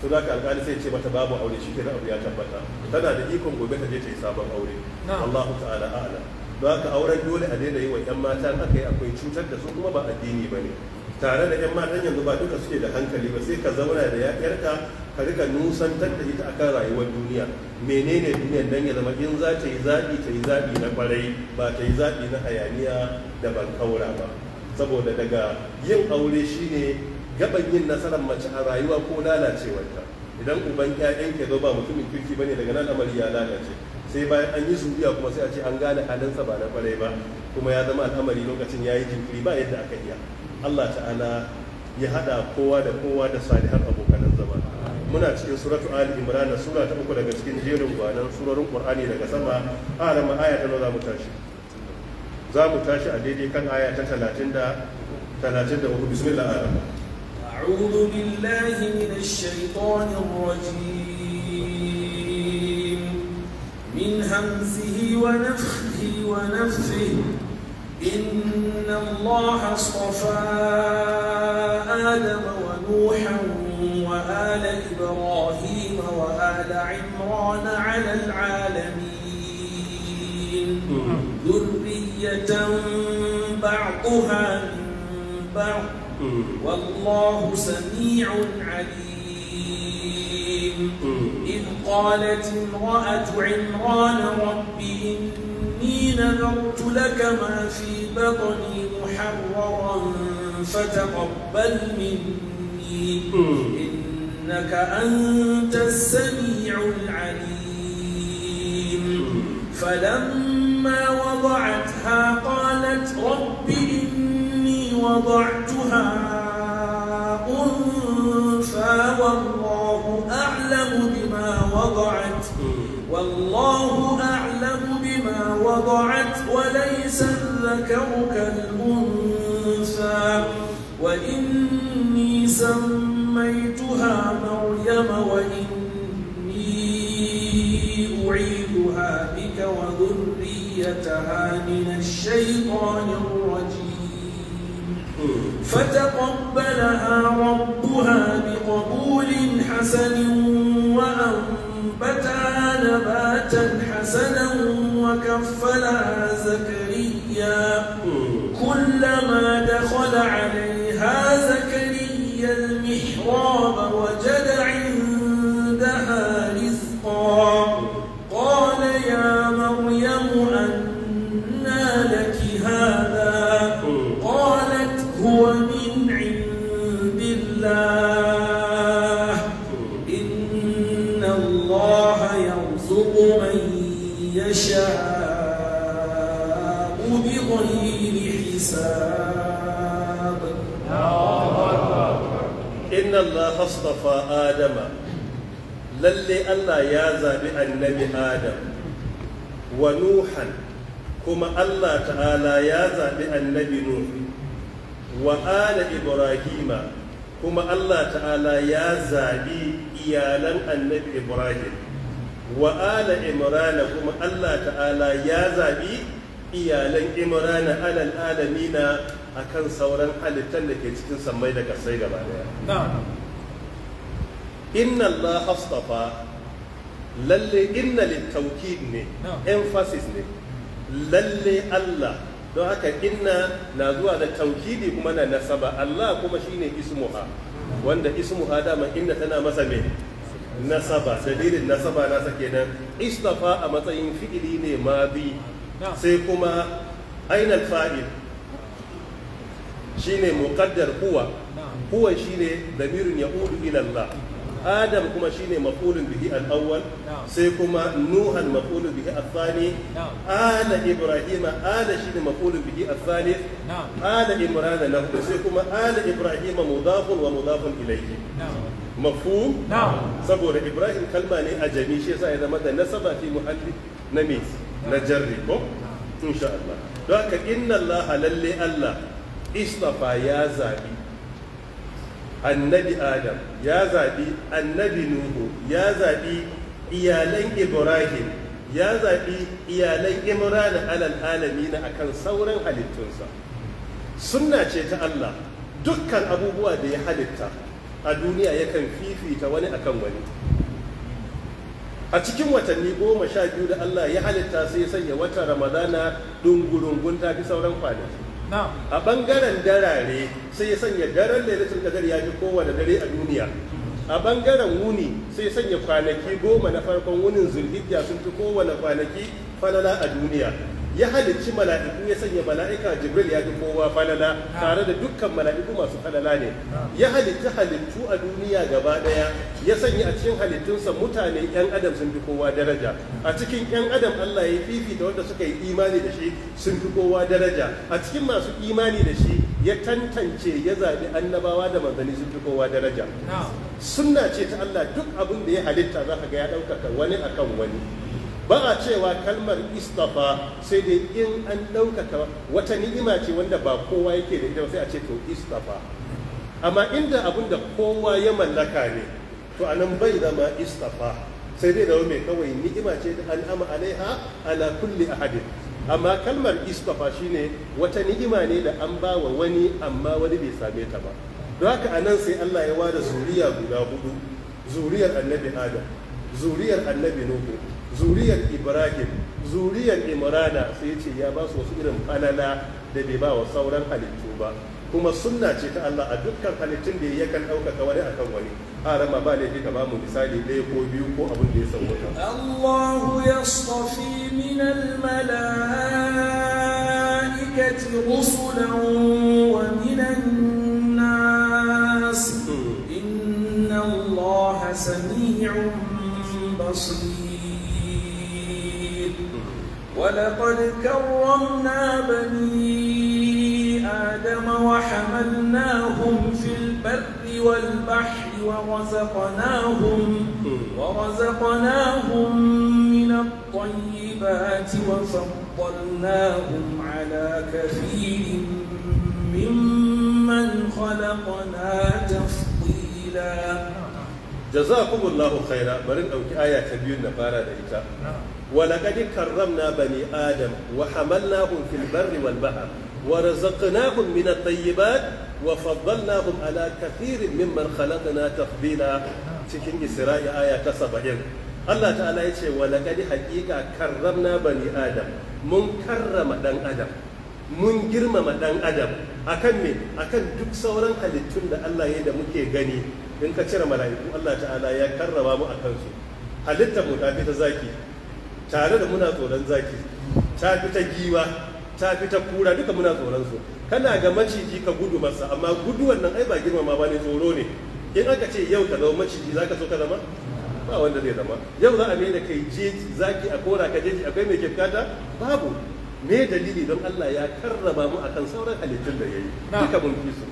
to da alkali sai ce mata babu aure shi kenan abu ya tabbata tana da ikon gobe ta je ta yi sabon aure Allahu ta'ala a'lam don haka auren dole a daina yi wa 'yan mata akayi akwai cutar da su kuma ba addini ba ne tare da 'yan matan yanzu ba duka suke da hankali ba sai ka zauna da yarka ka rika nusantar da ita akan rayuwar duniya menene duniyar dan ya zama in za ta yi zaɓi ta yi zaɓi na kwarai ba ta yi zaɓi na hayaniya da ban kaura ba saboda daga yin aure shine gaban yin nasarar mace a rayuwa ko lalacewarta idan uban ƴaƴan ke zo ba mutumin kirki bane daga nan amari ya lalace sai bayan an yi zuriya kuma sai a ce an gane halinsa ba na kwarai ba kuma ya zama al'amari lokacin ya yi jinkiri ba yadda aka iya Allah ta'ala ya hada kowa da kowa da salihan abokanan zama muna cikin suratu ali imran sura ta uku daga cikin jerin gwanan surorin qur'ani daga sama alama aya ta za mu tashi za mu tashi a daidai kan aya ta 30 da 34 bismillah alama أعوذ بالله من إن الله اصطفى آدم ونوحا وآل إبراهيم وآل عمران على العالمين ذرية بعضها من بعض والله سميع عليم إذ قالت امرأة عمران رب إن إني نذرت لك ما في بطني محررا فتقبل مني إنك أنت السميع العليم فلما وضعتها قالت رب إني وضعتها أنثى والله أعلم بما وضعت والله وضعت وليس الذكر كالأنثى وإني سميتها مريم وإني أعيدها بك وذريتها من الشيطان الرجيم فتقبلها ربها بقبول حسن وأنفى فتعال باتا حسنا وكفلها زكريا كلما دخل عليه Allah astafa Adama lallai Allah ya zaɓi annabi Adam wa Nuhan kuma Allah ta'ala ya zaɓi annabi Nuhu wa ala Ibrahima kuma Allah ta'ala ya zaɓi iyalan annabi Ibrahim wa Imrana kuma Allah ta'ala ya zaɓi iyalan Imrana alal alamina akan sauran halittar da ke cikin sammai da kasai gaba daya. inna Allah astafa lalle inna littaukid ne emphasis ne lalle Allah don haka inna na zuwa da taukidi kuma na nasaba Allah kuma shine ismuha wanda ismuha dama inna tana masa me nasaba Sabirin nasaba nasa kenan istafa a matsayin fi'ili ne bi. sai kuma ainal fa'il shine muqaddar huwa huwa shine damirun yaudu ila Allah adam kuma shine maf'ulun bihi al-awwal sai kuma nuhan maf'ulun bihi al-thani ala ibrahima ala shine maf'ulun bihi al-thalith ala imran lahu sai kuma ala ibrahima mudafun wa mudafun ilayhi mafhum saboda ibrahim kalma ne a jami shi yasa ya zama da nasaba fi muhalli na me na jarri ko insha Allah don haka inna Allah lalle Allah istafa ya zabi annabi adam ya zaɓi annabi nuhu ya zaɓi iyalan ibrahim ya zaɓi iyalan imran alal alami na akan sauran halittunsa sunna ce ta allah dukkan abubuwa da ya halitta a duniya yakan fifita wani akan wani a cikin watanni goma sha biyu da allah ya halitta sai ya sanya wata ramadana dungurungun ta fi sauran kwanaki a ɓangaren darare sai sanya daren lailatul qadar ya fi kowane dare a duniya a ɓangaren wuni sai sanya kwanaki goma na farkon wunin zulhijja sun fi kowane kwanaki falala a duniya ya halicci mala'iku ya sanya mala'ika jibril ya fi kowa falala tare da dukkan mala'iku masu falala ne ya halicci halittu a duniya gaba daya ya sanya a cikin halittunsa mutane yan adam sun fi kowa daraja a cikin yan adam Allah ya fifita wanda suka yi imani da shi sun fi kowa daraja a cikin masu imani da shi ya tantance ya zaɓi annabawa da manzanni sun fi kowa daraja sunna ce ta Allah duk abin da ya halitta za ka ga ya ɗaukaka wani akan wani ba a cewa kalmar istafa sai dai in an ɗaukaka wata ni'ima ce wanda ba kowa yake da ita sai a ce to istafa amma inda abin da kowa ya mallaka ne to anan bai zama istafa sai dai zama mai kawai ni'ima ce da al'ama alaiha ala kulli ahadin amma kalmar istafa shine wata ni'ima ne da an ba wa wani amma wani bai same ta ba don haka anan sai Allah ya ware zuriya guda hudu zuriyar annabi Adam zuriyar annabi Nuhu zuriyar ibrahim zuriyar imrana sai ce ya ba su wasu irin falala da bai ba wa sauran halittu ba kuma sunna ce ta Allah a dukkan halittun da yakan ɗaukaka wani akan wani arama ba laifi ka bamu misali ɗaya ko biyu ko abin da ya wuta Allahu yastafi min al-mala'ikati rusulan wa min nas hmm. inna Allah sami'un basir ولقد كرمنا بني آدم وحملناهم في البر والبحر ورزقناهم ورزقناهم من الطيبات وفضلناهم على كثير ممن خلقنا تفضيلا جزاكم الله خيرا برن أوكي آية كبيرة فارا ita. ولقد كرمنا بني آدم وحملناهم في البر والبحر ورزقناهم من الطيبات وفضلناهم على كثير ممن خلقنا تفضيلا cikin isra'ia ya ta saba'in Allah ta'ala ya ce walaƙadi haƙiƙa karramna bani adam mun karrama ɗan adam mun girmama ɗan adam akan me akan duk sauran halittun da Allah ya da muke gani in ka cire mala'iku Allah ta'ala ya karrama mu akan su halitta mu ta fi ta zaki tare da muna tsoron zaki ta fi ta giwa ta fi ta kura duka muna tsoron su kana ga maciji ka gudu masa amma guduwan nan ai ba girmama ba ne tsoro ne in aka ce yau ka zama maciji zaka so ka zama ba wanda zai zama yau za a mai da kai je zaki a kora ka jeji akwai mai kyakkata babu me dalili don Allah ya karrama mu akan sauran halittun da yayi duka mun fi su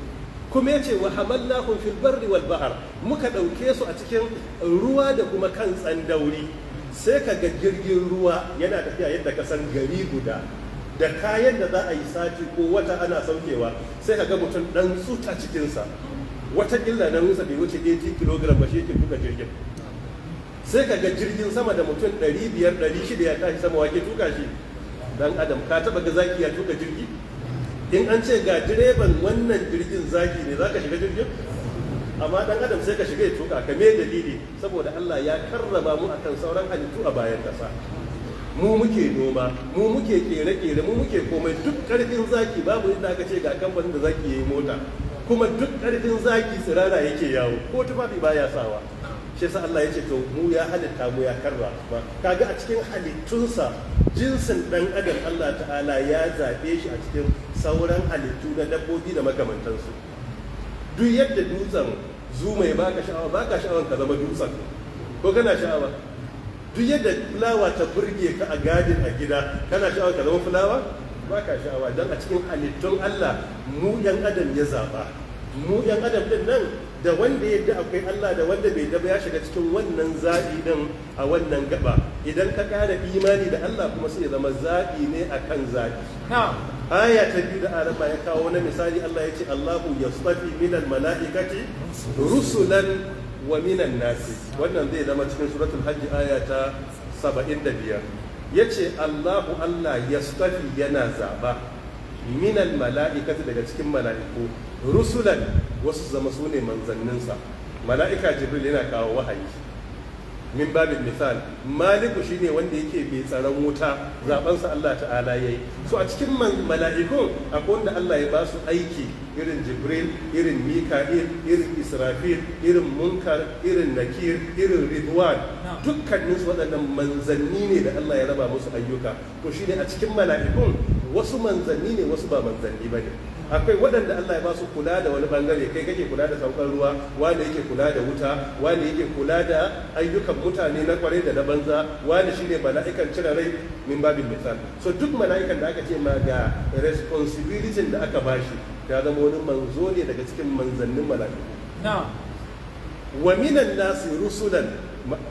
kuma ya ce wa hamallahu fil barri wal bahr muka dauke su a cikin ruwa da kuma kan tsandauri sai ka ga jirgin ruwa yana tafiya yadda ka san gari guda da kayan da za a yi sati ko wata ana saukewa sai ka ga mutum dan tsuta cikinsa wata illa na rusa bai wuce 80 kg ba shi yake tuka jirgin sai ka ga jirgin sama da mutum 500 600 ya tashi sama wake tuka shi dan adam ka taba ga zaki ya tuka jirgi in an ce ga direban wannan jirgin zaki ne za ka shiga jirgin amma dan adam sai ka shiga ya tuka ka me dalili saboda Allah ya karrama mu akan sauran halittu a bayan kasa mu muke noma mu muke kere-kere mu muke komai duk karfin zaki babu inda ka ce ga kamfanin da zaki yayi mota kuma duk karfin zaki tsirara yake yawo ko tufafi baya sawa shi yasa Allah ya ce to mu ya halitta mu ya karra kaga a cikin halittunsa jinsin dan adam Allah ta'ala ya zabe shi a cikin sauran halittu na dabbobi da makamantansu duk yadda dutsen zuma ba baka sha'awa baka sha'awan ka zama dutsen ko kana sha'awa duk yadda fulawa ta burge ka a gadin a gida kana sha'awa ka zama fulawa baka sha'awa don a cikin halittun Allah mu yan adam ya zaba mu yan adam din nan da wanda yadda akwai Allah da wanda bai daba ya shiga cikin wannan zaɓi din a wannan gaba idan ka ƙara imani da Allah kuma sai ya zama zaɓi ne akan zaɓi aya ta biyu da araba ya kawo na misali Allah ya ce Allahu ya tsafi minal mala'ikati rusulan wa minan nasi wannan zai zama cikin suratul hajji aya ta saba'in da biyar. Ya ce Allahu Allah ya tsafi yana zaba minan mala'ikati daga cikin mala'iku rusulan wasu zama su ne manzanninsa mala'ika jibril yana kawo wahayi min babin misal maliku shine wanda yake bai tsaron wuta zabansa Allah ta'ala yayi so a cikin mala'ikun akwai wanda Allah ya ba su aiki irin jibril irin mika'il irin israfil irin munkar irin nakir irin ridwan dukkanin su waɗannan manzanni ne da Allah ya raba musu ayyuka to shine a cikin mala'ikun wasu manzanni ne wasu ba manzanni bane akwai waɗanda Allah ya ba su kula da wani bangare kai kake kula da saukan ruwa wani yake kula da wuta wani yake kula da ayyukan mutane na kwarai da na banza wani shine mala'ikan cire rai min babin misal so duk mala'ikan da aka ce ma ga responsibility da aka bashi ya zama wani manzo ne daga cikin manzannin mala'iku wa minan nasi rusulan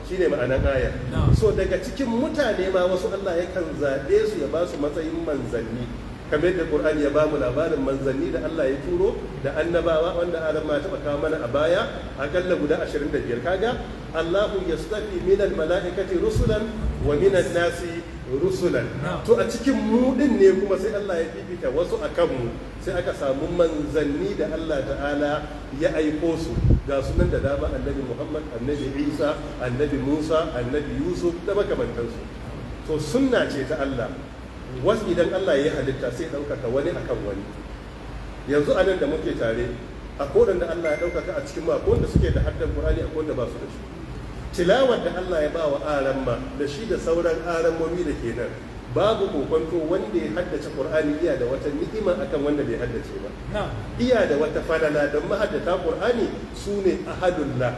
shi ne ma'anan aya so daga cikin mutane ma wasu Allah yakan zaɓe su ya ba su matsayin manzanni kamar yadda qur'ani ya bamu labarin manzanni da Allah ya turo da annabawa wanda Adam ma taba kawo mana a baya akalla guda 25 kaga Allahu yastafi min malaikati rusulan wa min nasi rusulan to a cikin mu din ne kuma sai Allah ya fifita wasu akan mu sai aka samu manzanni da Allah ta'ala ya aiko su ga sunan da dama annabi Muhammad annabi Isa annabi Musa annabi Yusuf da makamantansu to sunna ce ta Allah wasu idan Allah ya halitta sai ɗaukaka wani akan wani yanzu a nan da muke tare a kodan da Allah ya ɗaukaka a cikin ma da suke da haddar Qur'ani a da ba su da shi tilawar da Allah ya bawa aran ma da shi da sauran aran mami da ke nan babu kokonto wanda ya haddace Kur'ani iya da wata ni'ima akan wanda bai haddace ba iya da wata falala don mahaddata Kur'ani su ne ahadullah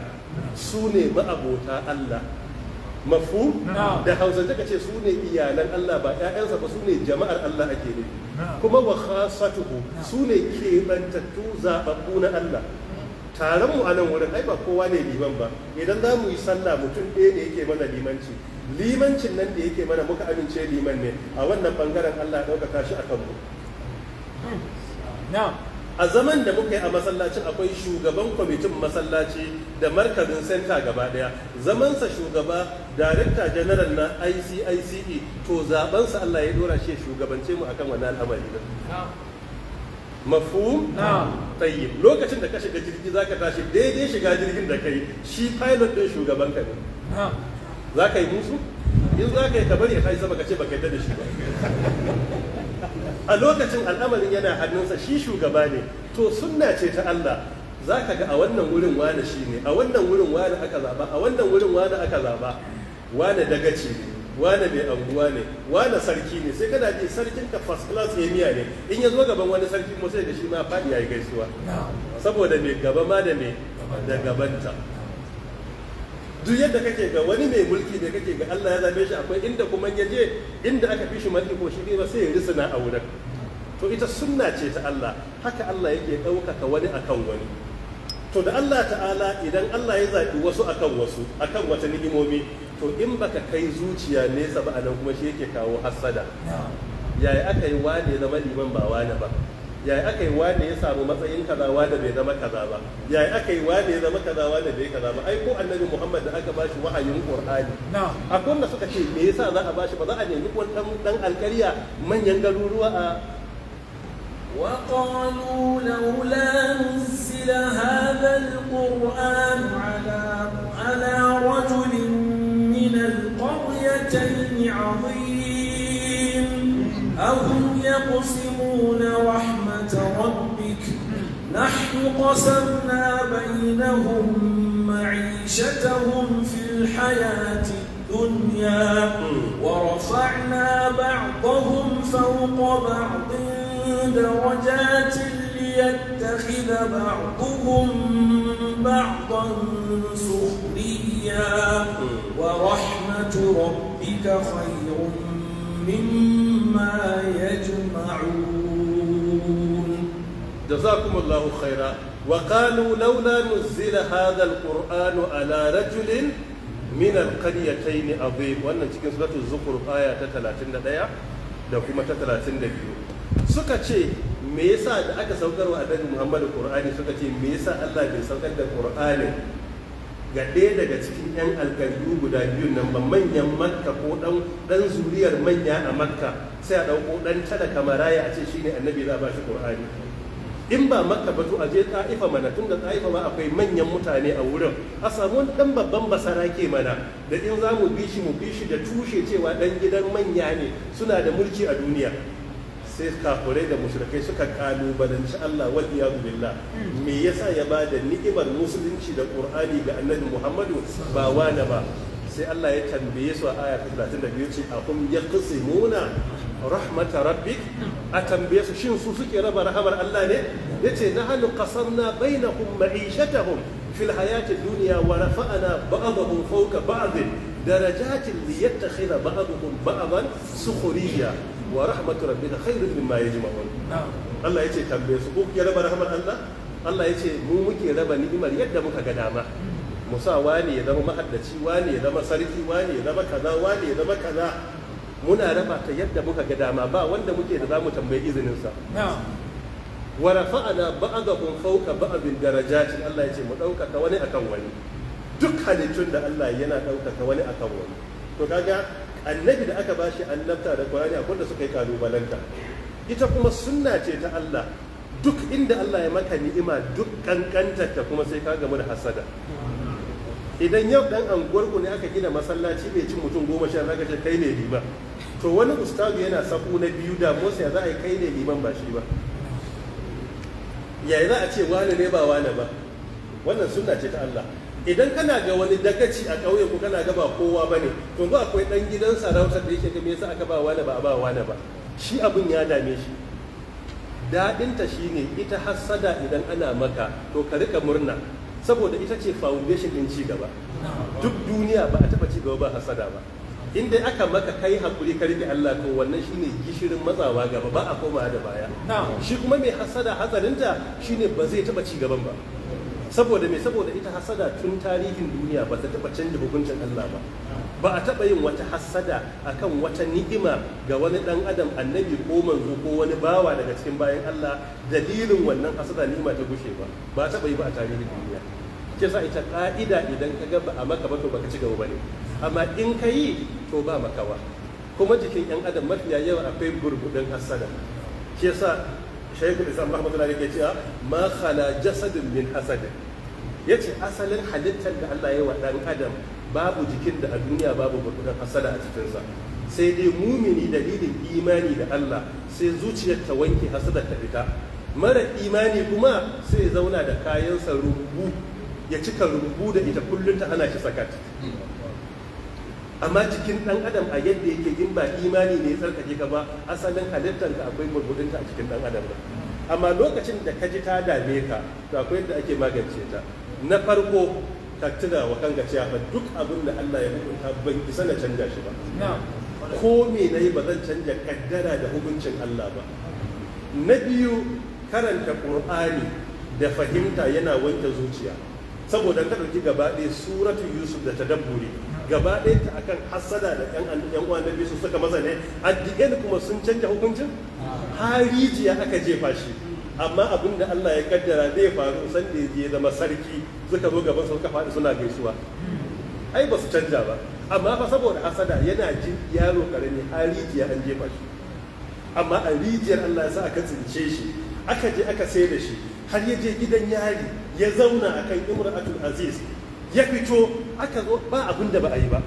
su ne ma'abota Allah mafu da hausa ka ce su ne iyalan Allah ba yayansa ba su ne jama'ar Allah ake ne kuma wa khasatuhu su ne keɓantattu zaɓaɓɓu na Allah taron mu a nan wurin ai ba kowa ne liman ba idan za mu yi sallah mutum ɗaya ne yake mana limanci limancin nan da yake mana muka amince liman ne a wannan bangaren Allah ɗaukaka shi a kanmu. a zaman da muka yi a masallacin akwai shugaban kwamitin masallaci da markabin senta gaba daya zamansa shugaba darekta janaral na icice to zabansa allah ya dora shi shugabance mu akan wani al'amari mafu tayyib lokacin da ka shiga jirgi zaka tashi daidai shiga jirgin da kai shi pilot din shugaban ka ne za ka yi musu in za ka yi ka bari ya tashi sama ka ce baka yadda da shi ba a lokacin al'amarin yana hannunsa shi shugaba ne to sunna ce ta Allah za ka ga a wannan wurin wane shi ne a wannan wurin wane aka zaba a wannan wurin wane aka zaba wane dagaci ne wane mai anguwa ne wane sarki ne sai kana ji sarkin ka first class miya ne in ya zo gaban wani sarki mu sai da shi ma faɗi ya yi gaisuwa saboda mai gaba ma da mai da gabanta duk yadda kake ga wani mai mulki da kake ga Allah ya zabe shi akwai inda kuma ya je inda aka fi shi mulki ko shi ba sai ya risina a wurin to ita sunna ce ta Allah haka Allah yake ɗaukaka wani akan wani to da Allah ta'ala idan Allah ya zaɓi wasu akan wasu akan wata ni'imomi to in baka kai zuciya nesa ba anan kuma shi yake kawo hassada yaya aka yi wane zama liman ba wane ba ya aka yi wane ya samu matsayin kaza da bai zama kaza ba ya aka yi wane ya zama kaza da bai kaza ba ai ko annabi muhammad da aka bashi wahayin qur'ani akwai wanda suka ce me yasa za a bashi ba za a nemi wani dan alƙarya manyan garuruwa a وقالوا لولا نزل هذا القرآن على على رجل من القريتين عظيم أهم يقسمون رحمة ربك نحن قسمنا بينهم معيشتهم في الحياة الدنيا ورفعنا بعضهم فوق بعض درجات ليتخذ بعضهم بعضا سخريا ورحمة ربك خير مما يجمعون جزاكم الله خيرا وقالوا لولا نزل هذا القرآن على رجل من القريتين عظيم wannan cikin suratul zukhruf aya ta 31 da kuma ta biyu. suka ce me yasa da aka saukar wa annabi Muhammad Qur'ani suka ce me yasa Allah bai saukar da Qur'ani ga ɗaya daga cikin yan alƙalu guda biyu nan ba manyan Makka ko dan dan zuriyar manya a Makka sai a dauko dan talaka maraya a ce shine annabi za ba shi Qur'ani in ba maka ba to a je ta'ifa mana tunda ta'ifa ma akwai manyan mutane a wurin a samu wani dan babban basarake mana da in za mu bi shi mu bi shi da tushe cewa dan gidan manya ne suna da mulki a duniya sai kafurai da musulkai suka kalubalanci Allah wal iyadu billah me yasa ya ba da ni'imar musulunci da qur'ani ga annabi Muhammadu ba wani ba sai Allah ya tambaye su a aya 32 ce akum yaqsimuna rahmata rabbi a tambaye su shin su suke raba rahamar Allah ne yace nahnu qasamna bainahum ma'ishatahum fil hayati dunya wa duniya ba'dahum fawqa ba'd darajatin liyattakhidha ba'dahum ba'dan sukhriya wa rahmatu rabbika khairun mimma yajma'un Allah yace tambaye su ku ya raba rahamar Allah Allah yace mu muke raba ni'imar yadda muka ga dama musa wani ya zama mahaddaci wani ya zama sarki wani ya zama kaza wani ya zama kaza muna raba ta yadda muka ga dama ba wanda muke da zamu tambayi izinin sa wa rafa'ana ba'a fawqa ba'dil darajati Allah ya ce mu ɗaukaka wani akan wani duk halittun da Allah yana daukaka wani akan wani to kaga annabi da aka bashi annabta da Qur'ani akwai da suka yi kalubalanta ita kuma sunna ce ta Allah duk inda Allah ya maka ni'ima duk kankantar ta kuma sai ka gamu da hasada idan yau dan anguwarku ne aka gina masallaci mai cin mutum goma sha zaka ce kai ne liman to wani ustazu yana sabu na biyu da motsa ya za a yi kai ne liman ba shi ba yayi za a ce wani ne ba wani ba wannan sunna ce ta Allah idan kana ga wani dagaci a ƙauye ku kana ga ba kowa ba ne to ba akwai ɗan gidan sarauta da yake ga me yasa aka ba wani ba ba wani ba shi abun ya dame shi daɗinta shine ita hassada idan ana maka to ka rika murna saboda ita ce foundation din ci gaba duk duniya ba a taba ci gaba ba hasada ba inda aka maka kai hakuri ka rike Allah to wannan shine gishirin matsawa gaba ba a koma da baya shi kuma mai hasada hatsarinta shine ba zai taba ci gaban ba saboda me saboda ita hasada tun tarihin duniya ba ta taba canja hukuncin Allah ba ba a taba yin wata hasada akan wata ni'ima ga wani dan adam annabi ko manzo ko wani bawa daga cikin bayan Allah dalilin wannan hasada ni'ima ta gushe ba ba a taba yi ba a tarihin duniya ke sa ita ka'ida idan ka ga a maka ba to baka ci gaba bane amma in ka yi to ba makawa kuma jikin yan adam mafiya yawa akwai burbuɗin hasada ke sa shaikul islam rahmatullahi yake cewa ma khala jasadun min ya yace asalin halittar da Allah ya wa dan adam babu jikin da a duniya babu burbuɗin hasada a cikinsa sai dai mumini dalilin imani da Allah sai zuciyar ta wanke hasada ta fita mara imani kuma sai zauna da kayan sa rubu ya cika rubu da ita kullum ta ana shi sakat amma cikin dan adam a yadda yake yin ba imani ne ya tsarkake ka ba asalin halittar ka akwai gurgudun ta a cikin dan adam amma lokacin da ka ji ta dame ka to akwai yadda ake magance ta na farko ka tuna wa kanka cewa fa duk abin da Allah ya hukunta ban isa na canja shi ba ko me nayi ba zan canja kaddara da hukuncin Allah ba na biyu karanta Qur'ani da fahimta yana wanke zuciya saboda ta ɗauki gaba ɗaya suratu yusuf da tadabburi gaba ɗaya ta akan hassada da ƴan ƴan uwan suka maza ne addiyan kuma sun canja hukuncin harijiya aka jefa shi amma abin da Allah ya kaddara zai faru san da ya zama sarki suka zo gaban suka faɗi suna gaisuwa ai ba su canja ba amma fa saboda hasada yana jin yaro karami harijiya an jefa shi amma a rijiyar Allah ya sa aka tsince shi aka je aka sai da shi har ya je gidan yari ya zauna a kan imra'atul aziz ya fito aka zo ba abin da ba a yi ba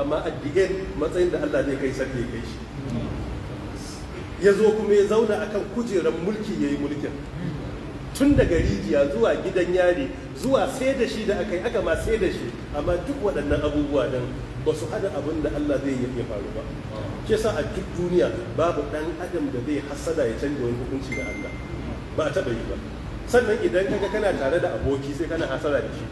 amma addi'in matsayin da Allah zai kai sarki ya kai shi ya zo kuma ya zauna a kan kujerar mulki ya yi mulkin tun daga rijiya zuwa gidan yari zuwa sai da shi da aka yi aka ma sai da shi amma duk waɗannan abubuwa don ba su hada abin da Allah zai yi ya faru ba ke sa a duk duniya babu ɗan adam da zai hasada ya canja wani hukunci da Allah ba a taɓa yi ba sannan idan kaga kana tare da aboki sai kana hasara da shi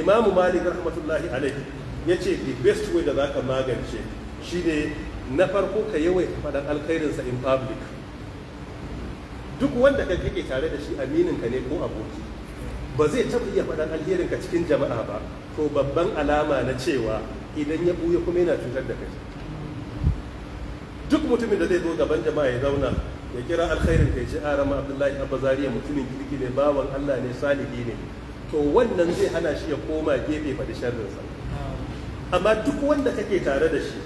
imamu malik rahmatullahi alaihi ya ce the best way da za ka magance shine na farko ka yawaita faɗan alkhairinsa in public duk wanda ka kake tare da shi amininka ne ko aboki ba zai taɓa iya faɗan alherinka cikin jama'a ba to babban alama na cewa idan ya buya kuma yana cutar da kai duk mutumin da zai zo gaban jama'a ya zauna ya kira alkhairin kai ce arama abdullahi abazariya mutumin kirki ne bawan allah ne salihi ne to wannan zai hana shi ya koma gefe faɗi sharrinsa amma duk wanda kake tare da shi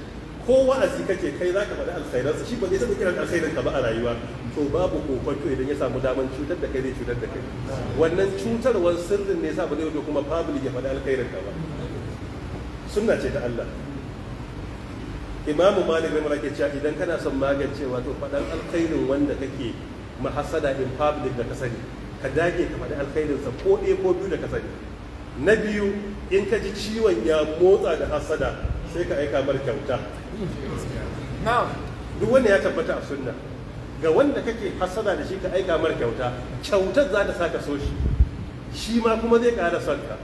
ko wa'azi kake kai zaka faɗi alkhairarsa shi ba zai taɓa kiran alkhairin ka ba a rayuwa to babu kokonto idan ya samu daman cutar da kai zai cutar da kai wannan cutarwar sirrin ne sa ba zai kuma public ya faɗi alkhairin ka ba sunna ce ta Allah imamu malik ne ke cewa idan kana son magancewa to faɗan alkhairin wanda kake mahasada in public da ka ka dage ka faɗi sa ko ɗaya ko biyu da ka na biyu in ka ji ciwon ya motsa da hasada sai ka aika mar kyauta duk wanda ya tabbata a sunna ga wanda kake hasada da shi ka aika mar kyauta kyautar za ta sa ka so shi shi ma kuma zai kara son ka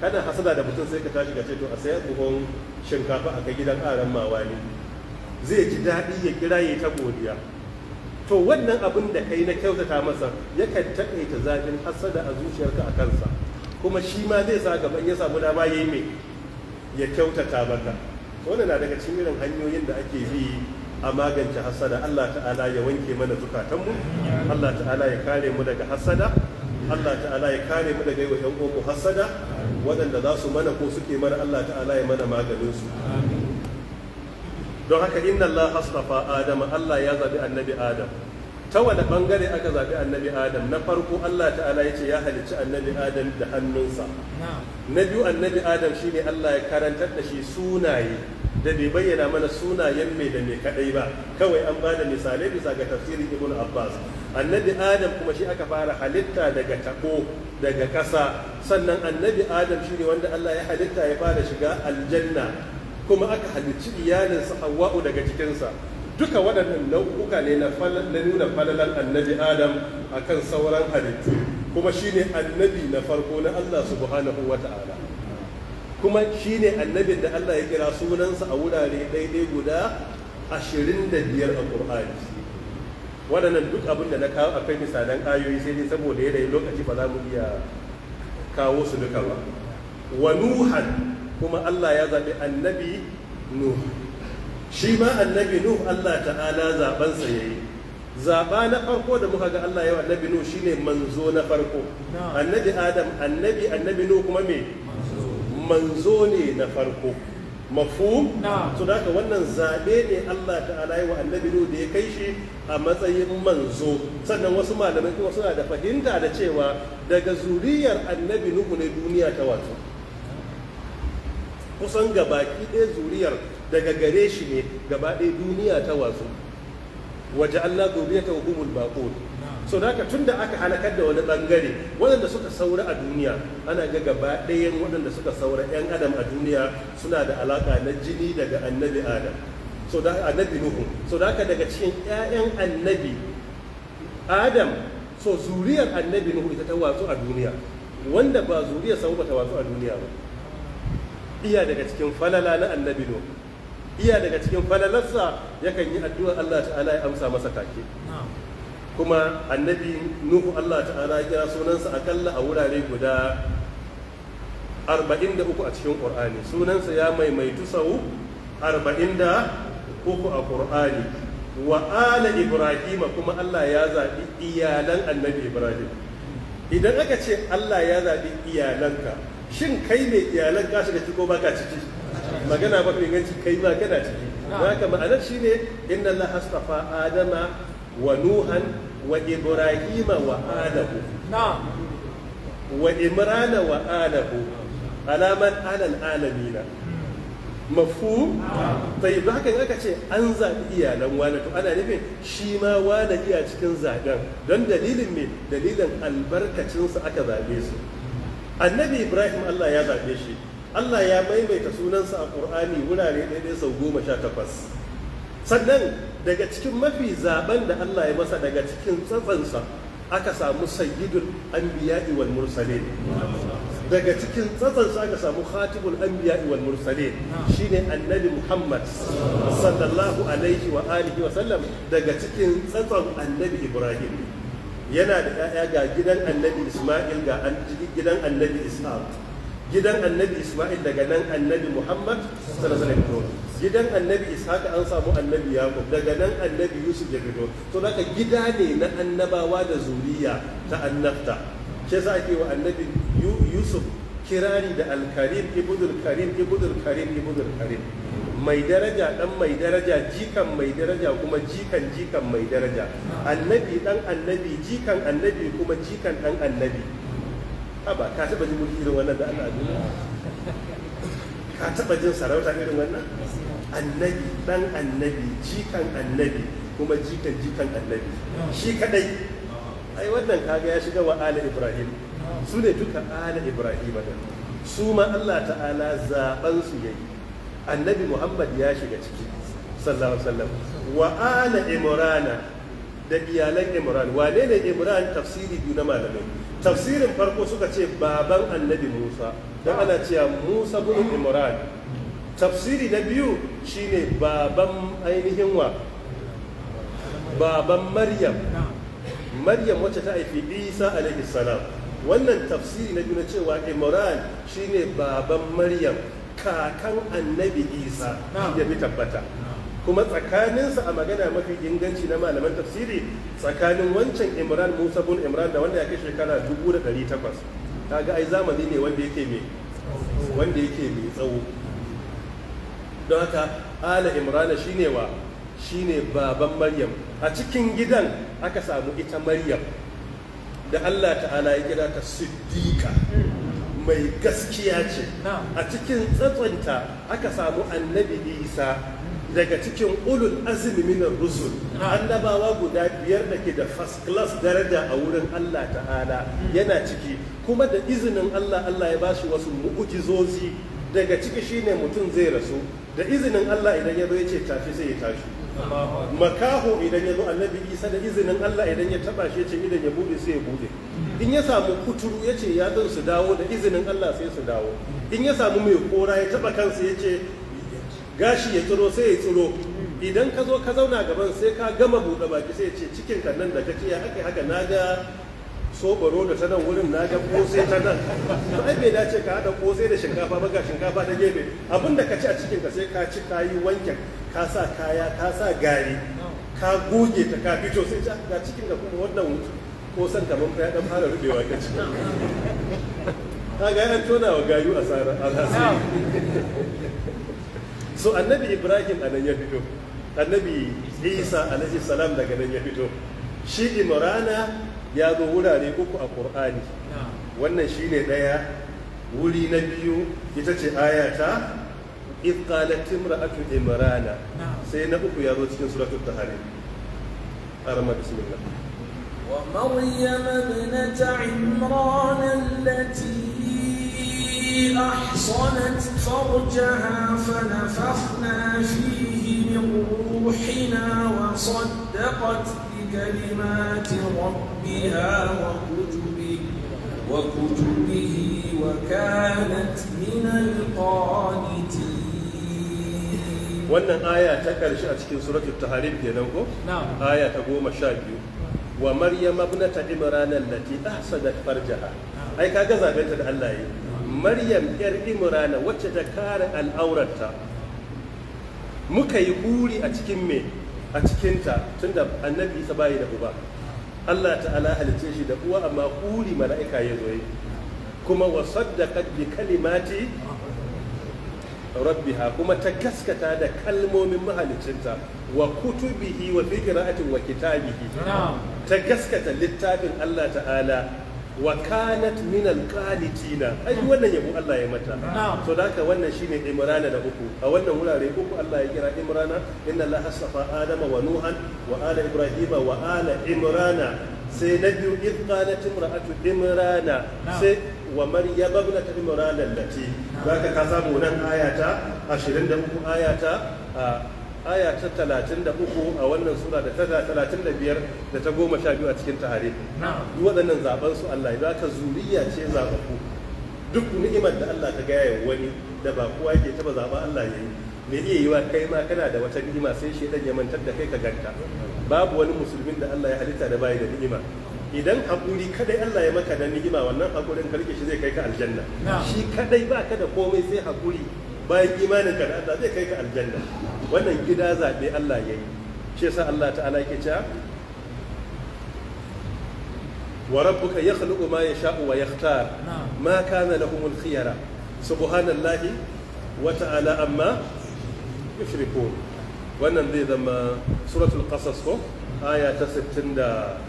kana hasada da mutum sai ka tashi ka ce to a sayan buhun shinkafa a kai gidan aran mawa ne zai ji daɗi ya kira ya ta godiya to wannan abin da kai na kyautata masa yakan taƙaita zafin hasada a zuciyarka a kansa kuma shi ma zai sa gaban ya samu dama ya yi mai ya kyautata maka wannan na daga cikin irin hanyoyin da ake bi a magance hasada Allah ta'ala ya wanke mana zukatanmu Allah ta'ala ya kare mu daga hasada Allah ta'ala ya kare mu daga yawan ɗan uwanmu hasada waɗanda za su mana ko suke mana Allah ta'ala ya mana maganin su don haka inna Allah hastafa Adam Allah ya zabi annabi Adam ta wani bangare aka zabi annabi Adam na farko Allah ta'ala ya ce ya halicci annabi Adam da hannunsa na biyu annabi Adam shine Allah ya karantar da shi sunaye da bai bayyana mana sunayen mai da mai kadai ba kawai an ba da misalai bisa ga tafsirin ibn abbas annabi adam kuma shi aka fara halitta daga tako daga ƙasa sannan annabi adam shi ne wanda allah ya halitta ya fara shiga aljanna kuma aka halicci iyalinsa hawa'u daga cikinsa duka waɗannan nau'uka ne na nuna falalan annabi adam akan sauran halittu kuma shine annabi na farko na allah subhanahu wa ta'ala kuma shi ne annabin da Allah ya kira sunansa a wurare daidai guda ashirin da biyar a ƙur'ani waɗannan duk abin da na kawo akwai misalan ayoyi sai dai saboda yanayin lokaci ba za mu iya kawo su duka ba wa nuhan kuma Allah ya zaɓi annabi nuh shi ma annabi nuh Allah ta'ala zaɓensa ya yi zaɓa na farko da muka ga Allah yawa annabi nuh shine manzo na farko annabi adam annabi annabi nuh kuma me manzo ne na farko mafu so da wannan zaɓe ne Allah ta'ala yi wa annabi nu da ya kai shi a matsayin manzo sannan wasu malamai kuma suna da fahimta da cewa daga zuriyar annabi nuhu ne duniya ta wato kusan gabaki ɗaya zuriyar daga gare shi ne gaba ɗaya duniya ta wato waje Allah zuriyar ta hukumul baƙo so da tun da aka halakar da wani bangare waɗanda suka saura a duniya ana ga gaba ɗayan waɗanda suka saura 'yan adam a duniya suna da alaƙa na jini daga annabi adam so da annabi nuhu so da daga cikin 'ya'yan annabi adam so zuriyar annabi nuhu ita ta watsu a duniya wanda ba zuriyar sa ba ta watsu a duniya ba iya daga cikin falala na annabi nuhu iya daga cikin falalarsa yakan yi addu'a Allah ta'ala ya amsa masa take kuma annabi nuhu allah ta'ala ya kira sunansa akalla a wurare guda 43 a cikin ƙor'ani sunansa ya maimaitu sau 43 a ƙur'ani wa ala ibrahima kuma allah ya zaɓi iyalan annabi ibrahim idan aka ce allah ya zaɓi iyalanka shin kai mai iyalan ka shiga ciko ko baka ciki magana ba mai ganci kai ma kana ciki ka ma'anar shi ne? inna la hastafa adama wa nuhan wa ibrahima wa alahu wa imrana wa alahu alaman alamina mafu bai ba haka aka ce an zaɓi iyalan wani to ana nufin shi ma wani iya cikin zaɓen don dalilin ne dalilin albarkacinsu aka zaɓe su annabi ibrahim allah ya zaɓe shi allah ya maimaita sunansa a ƙur'ani wurare ɗaya sau goma sha takwas sannan daga cikin mafi zaben da Allah ya masa daga cikin tsatsansa aka samu sayyidul anbiya'i wal mursalin daga cikin tsatsansa aka samu khatibul anbiya'i wal mursalin shine annabi Muhammad sallallahu alaihi wa alihi wa sallam daga cikin tsatsan annabi Ibrahim yana da 'ya'ya ga gidan annabi Isma'il ga gidan annabi Isma'il. gidan annabi Isma'il daga nan annabi Muhammad sallallahu alaihi wa sallam gidan annabi ishaq an samu annabi yaqub daga nan annabi yusuf ya fito to naka gida ne na annabawa da zuriya ta annabta za a ake wa annabi yusuf kirari da alkarim ibudul karim ibudul karim ibudul karim mai daraja dan mai daraja jikan mai daraja kuma jikan jikan mai daraja annabi dan annabi jikan annabi kuma jikan dan annabi haba ka taba jin mulki irin wannan da Allah ka taba jin sarauta irin wannan annabi dan annabi jikan annabi kuma jikan jikan annabi shi kadai ai wannan kaga ya shiga wa ala ibrahim su ne duka ala ibrahim da su ma Allah ta'ala zaben su yayi annabi muhammad ya shiga ciki sallallahu alaihi wasallam wa ala imran da iyalan imran wane ne imran tafsiri biyu na malamai tafsirin farko suka ce baban annabi musa don ana cewa musa bin imran tafsiri na biyu shine baban ainihin wa baban maryam maryam wacce ta haifi isa alaihi salam wannan tafsiri na biyu na cewa imran shine baban maryam kakan annabi isa ya bi tabbata kuma tsakaninsa a magana mafi inganci na malaman tafsiri tsakanin wancan imran musa bin imran da wanda ya kai shekara 1800 kaga ai zamani ne wanda yake mai wanda yake mai tsawo don haka ala imrana shine wa shine baban maryam a cikin gidan aka samu ita maryam da Allah ta'ala ya kira ta siddiqa mai gaskiya ce a cikin tsatsanta aka samu annabi isa daga cikin ulul azumi minar rusul annabawa guda biyar da ke da first class daraja a wurin Allah ta'ala yana ciki kuma da izinin Allah Allah ya ba shi wasu mu'ujizozi daga ciki shine mutum zai rasu da izinin Allah idan ya zo ya ce tashi sai ya tashi makaho idan ya zo annabi isa da izinin Allah idan ya taba shi ce idan ya bude sai ya bude in ya samu kuturu ya ce ya zan su dawo da izinin Allah sai su dawo in ya samu mai kora ya taba kansa ya ce gashi ya tsiro sai ya tsiro idan ka zo ka zauna gaban sai ka gama buɗe baki sai ya ce cikin nan da kake ya haka haka na ga sobaro da ta nan wurin na ga kose ta nan to ai bai dace ka haɗa kose da shinkafa ba ga shinkafa ta gefe da ka ci a cikin ka sai ka ci ka yi wankin ka sa kaya ka sa gari ka goge ta ka fito sai ta ga cikin ka kuma wannan kosan kamar ka ya dan fara rubewa ka ci ka ga an tona wa gayu sara alhasiri so annabi ibrahim a nan ya fito annabi isa alaihi salam daga nan ya fito shi imrana ya zo wurare uku a ƙur'ani wannan shi ne ɗaya wuri na biyu ita ce ayata iqalatin ra'atu imrana sai na uku ya zo cikin suratul tahrim arma bismillah wa maryama ibnat imran allati احصنت فرجها فنفخنا فيه من روحنا وصدقت به بكلمات ربها وكتبه وكتبه وكانت من القانتين wannan aya ta ƙarshe a cikin suratul taharim kenan ko aya ta goma sha biyu wa maryam ibnata imran allati ahsanat farjaha ai kaga zaben ta da Allah yi maryam yar imrana wacce ta kare al'aurarta muka yi buri a cikin me a cikinta tunda annabi isa bayi da uba Allah ta'ala halice shi da uwa amma kuri mala'ika ya zo kuma wa saddaqat bi kalimati rabbiha kuma ta gaskata da kalmomin mahalicinta wa kutubihi wa fi qira'atin wa kitabihi ta gaskata littafin Allah ta'ala wa kanat min alqanitina ai wannan yabo Allah ya mata to da haka wannan shine imrana da uku a wannan wurare uku Allah ya kira imrana inna Allah safa adama wa nuhan wa ala ibrahima wa ala imrana sai na biyu in qalat imra'atu imrana sai wa maryam ibnat imrana allati zaka ka samu nan ayata 23 ayata aya ta talatin da uku a wannan sura da ta talatin da biyar da ta goma sha biyu a cikin tare duk waɗannan zaɓen su Allah ya ka zuriya ce ku. duk ni'imar da Allah ta gaya wani da ba kowa yake taba zaɓa Allah ya yi me iya yiwa kai ma kana da wata ni'ima sai shaidan ya mantar da kai ka ganta babu wani musulmin da Allah ya halitta da bai da ni'ima idan hakuri kadai Allah ya maka da ni'ima wannan hakurin karke shi zai kai ka aljanna shi kadai baka da komai sai hakuri bayan imanin ka da Allah zai kai ka aljanna wannan gida zaɓe Allah ya yi shi yasa Allah ta'ala yake cewa wa rabbuka yakhluqu ma yasha'u wa yakhtar ma kana lahumul khiyara subhanallahi wa ta'ala amma yushrikun wannan zai zama suratul qasas ko aya ta 68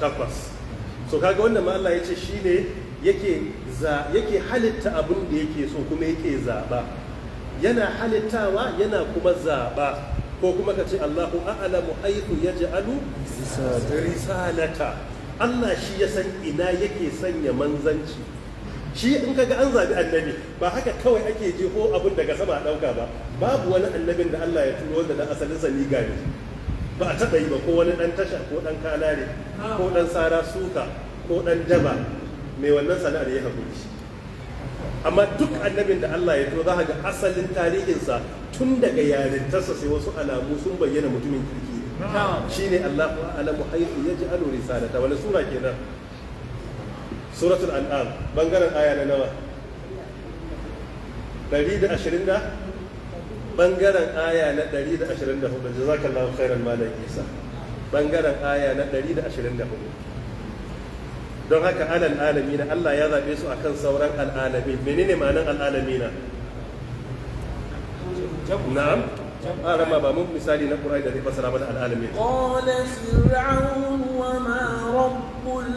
so kaga wannan ma Allah ya ce shine yake za yake halitta abin da yake so kuma yake zaba yana halittawa yana kuma zaɓa ko kuma ka ce Allahu mu aiku ya alu risalata Allah shi ya san ina yake sanya manzanci shi in ka ga an zaɓi annabi ba haka kawai ake ko abin daga sama a ɗauka ba babu wani annabin da Allah ya turo wanda dan asalin ni gani ba a taɓa yi ba ko wani ɗan tasha ko ɗan kalare ko ɗan tsara suka ko ɗan daba mai wannan sana'ar ya haƙuri amma duk annabin da Allah ya zo za ga asalin tarihinsa tun daga yarintarsa sai wasu alamu sun bayyana mutumin kirki shine Allahu a'lamu haythu yaj'alu risalata wala sura kenan suratul an'am bangaren aya na nawa 120 da bangaren aya na 124 jazakallahu khairan malam isa bangaren aya na 124 don haka al'alami alamina Allah ya zaɓe su akan sauran al'alamin menene ma'anar al'alamina na'am an ah, rama ba mun misali na ƙurai da zai fasara mana al'alamin qala fir'aun wa ma rabbul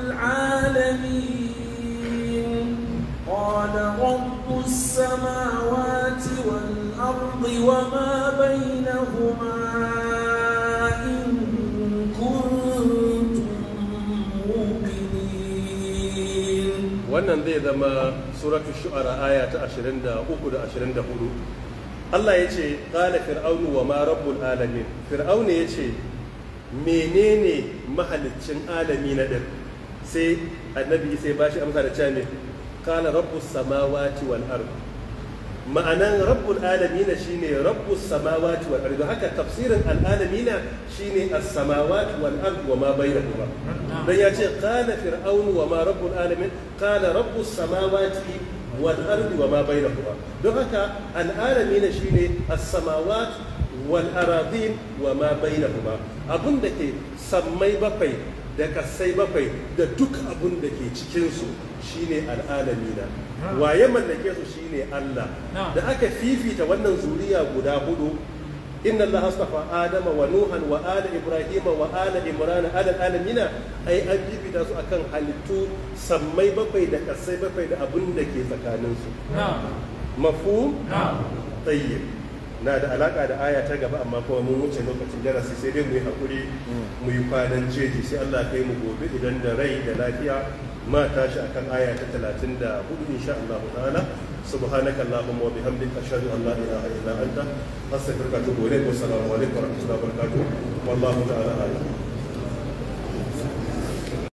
alamin qala rabbus samawati wal ardi wa ma bainahuma wannan zai zama suratul shu'ara aya ta 23 da 24 Allah ya ce qala fir'aunu wa ma rabbul alamin fir'aunu ya ce menene mahaliccin alami na din sai annabi sai bashi amsa da cewa qala rabbus samawati wal ardh ma'anan rabbul alamina shine rabbus samawati wal ardi haka tafsirin al alamina shine as samawati wal ardi wa ma bainahuma dan yace qala fir'aun wa ma rabbul alamin qala rabbus samawati wal ardi wa ma bainahuma don haka al alamina shine as samawati wal aradin wa ma bainahuma abun da ke sammai bakwai da kasai bakwai da duk abun da ke cikinsu shine al'alamina waye mallake su shine Allah da aka fifita wannan zuriya guda hudu inna Allah astafa adama wa nuhan wa ala Ibrahim wa ala imran ala alamina ai an fifita su akan halittu sammai bakwai da kasai bakwai da abun da ke tsakaninsu mafhum tayyib na da alaka da aya ta gaba amma kuma mun wuce lokacin darasi sai dai mu yi hakuri mu yi kwanan ceji sai Allah kai mu gobe idan da rai da lafiya ma tashi akan aya ta 34 insha Allah ta'ala subhanaka allahumma wa bihamdika ashhadu an la ilaha illa anta astaghfiruka wa atubu ilaik wa assalamu alaikum wa rahmatullahi wa barakatuh wallahu ta'ala a'lam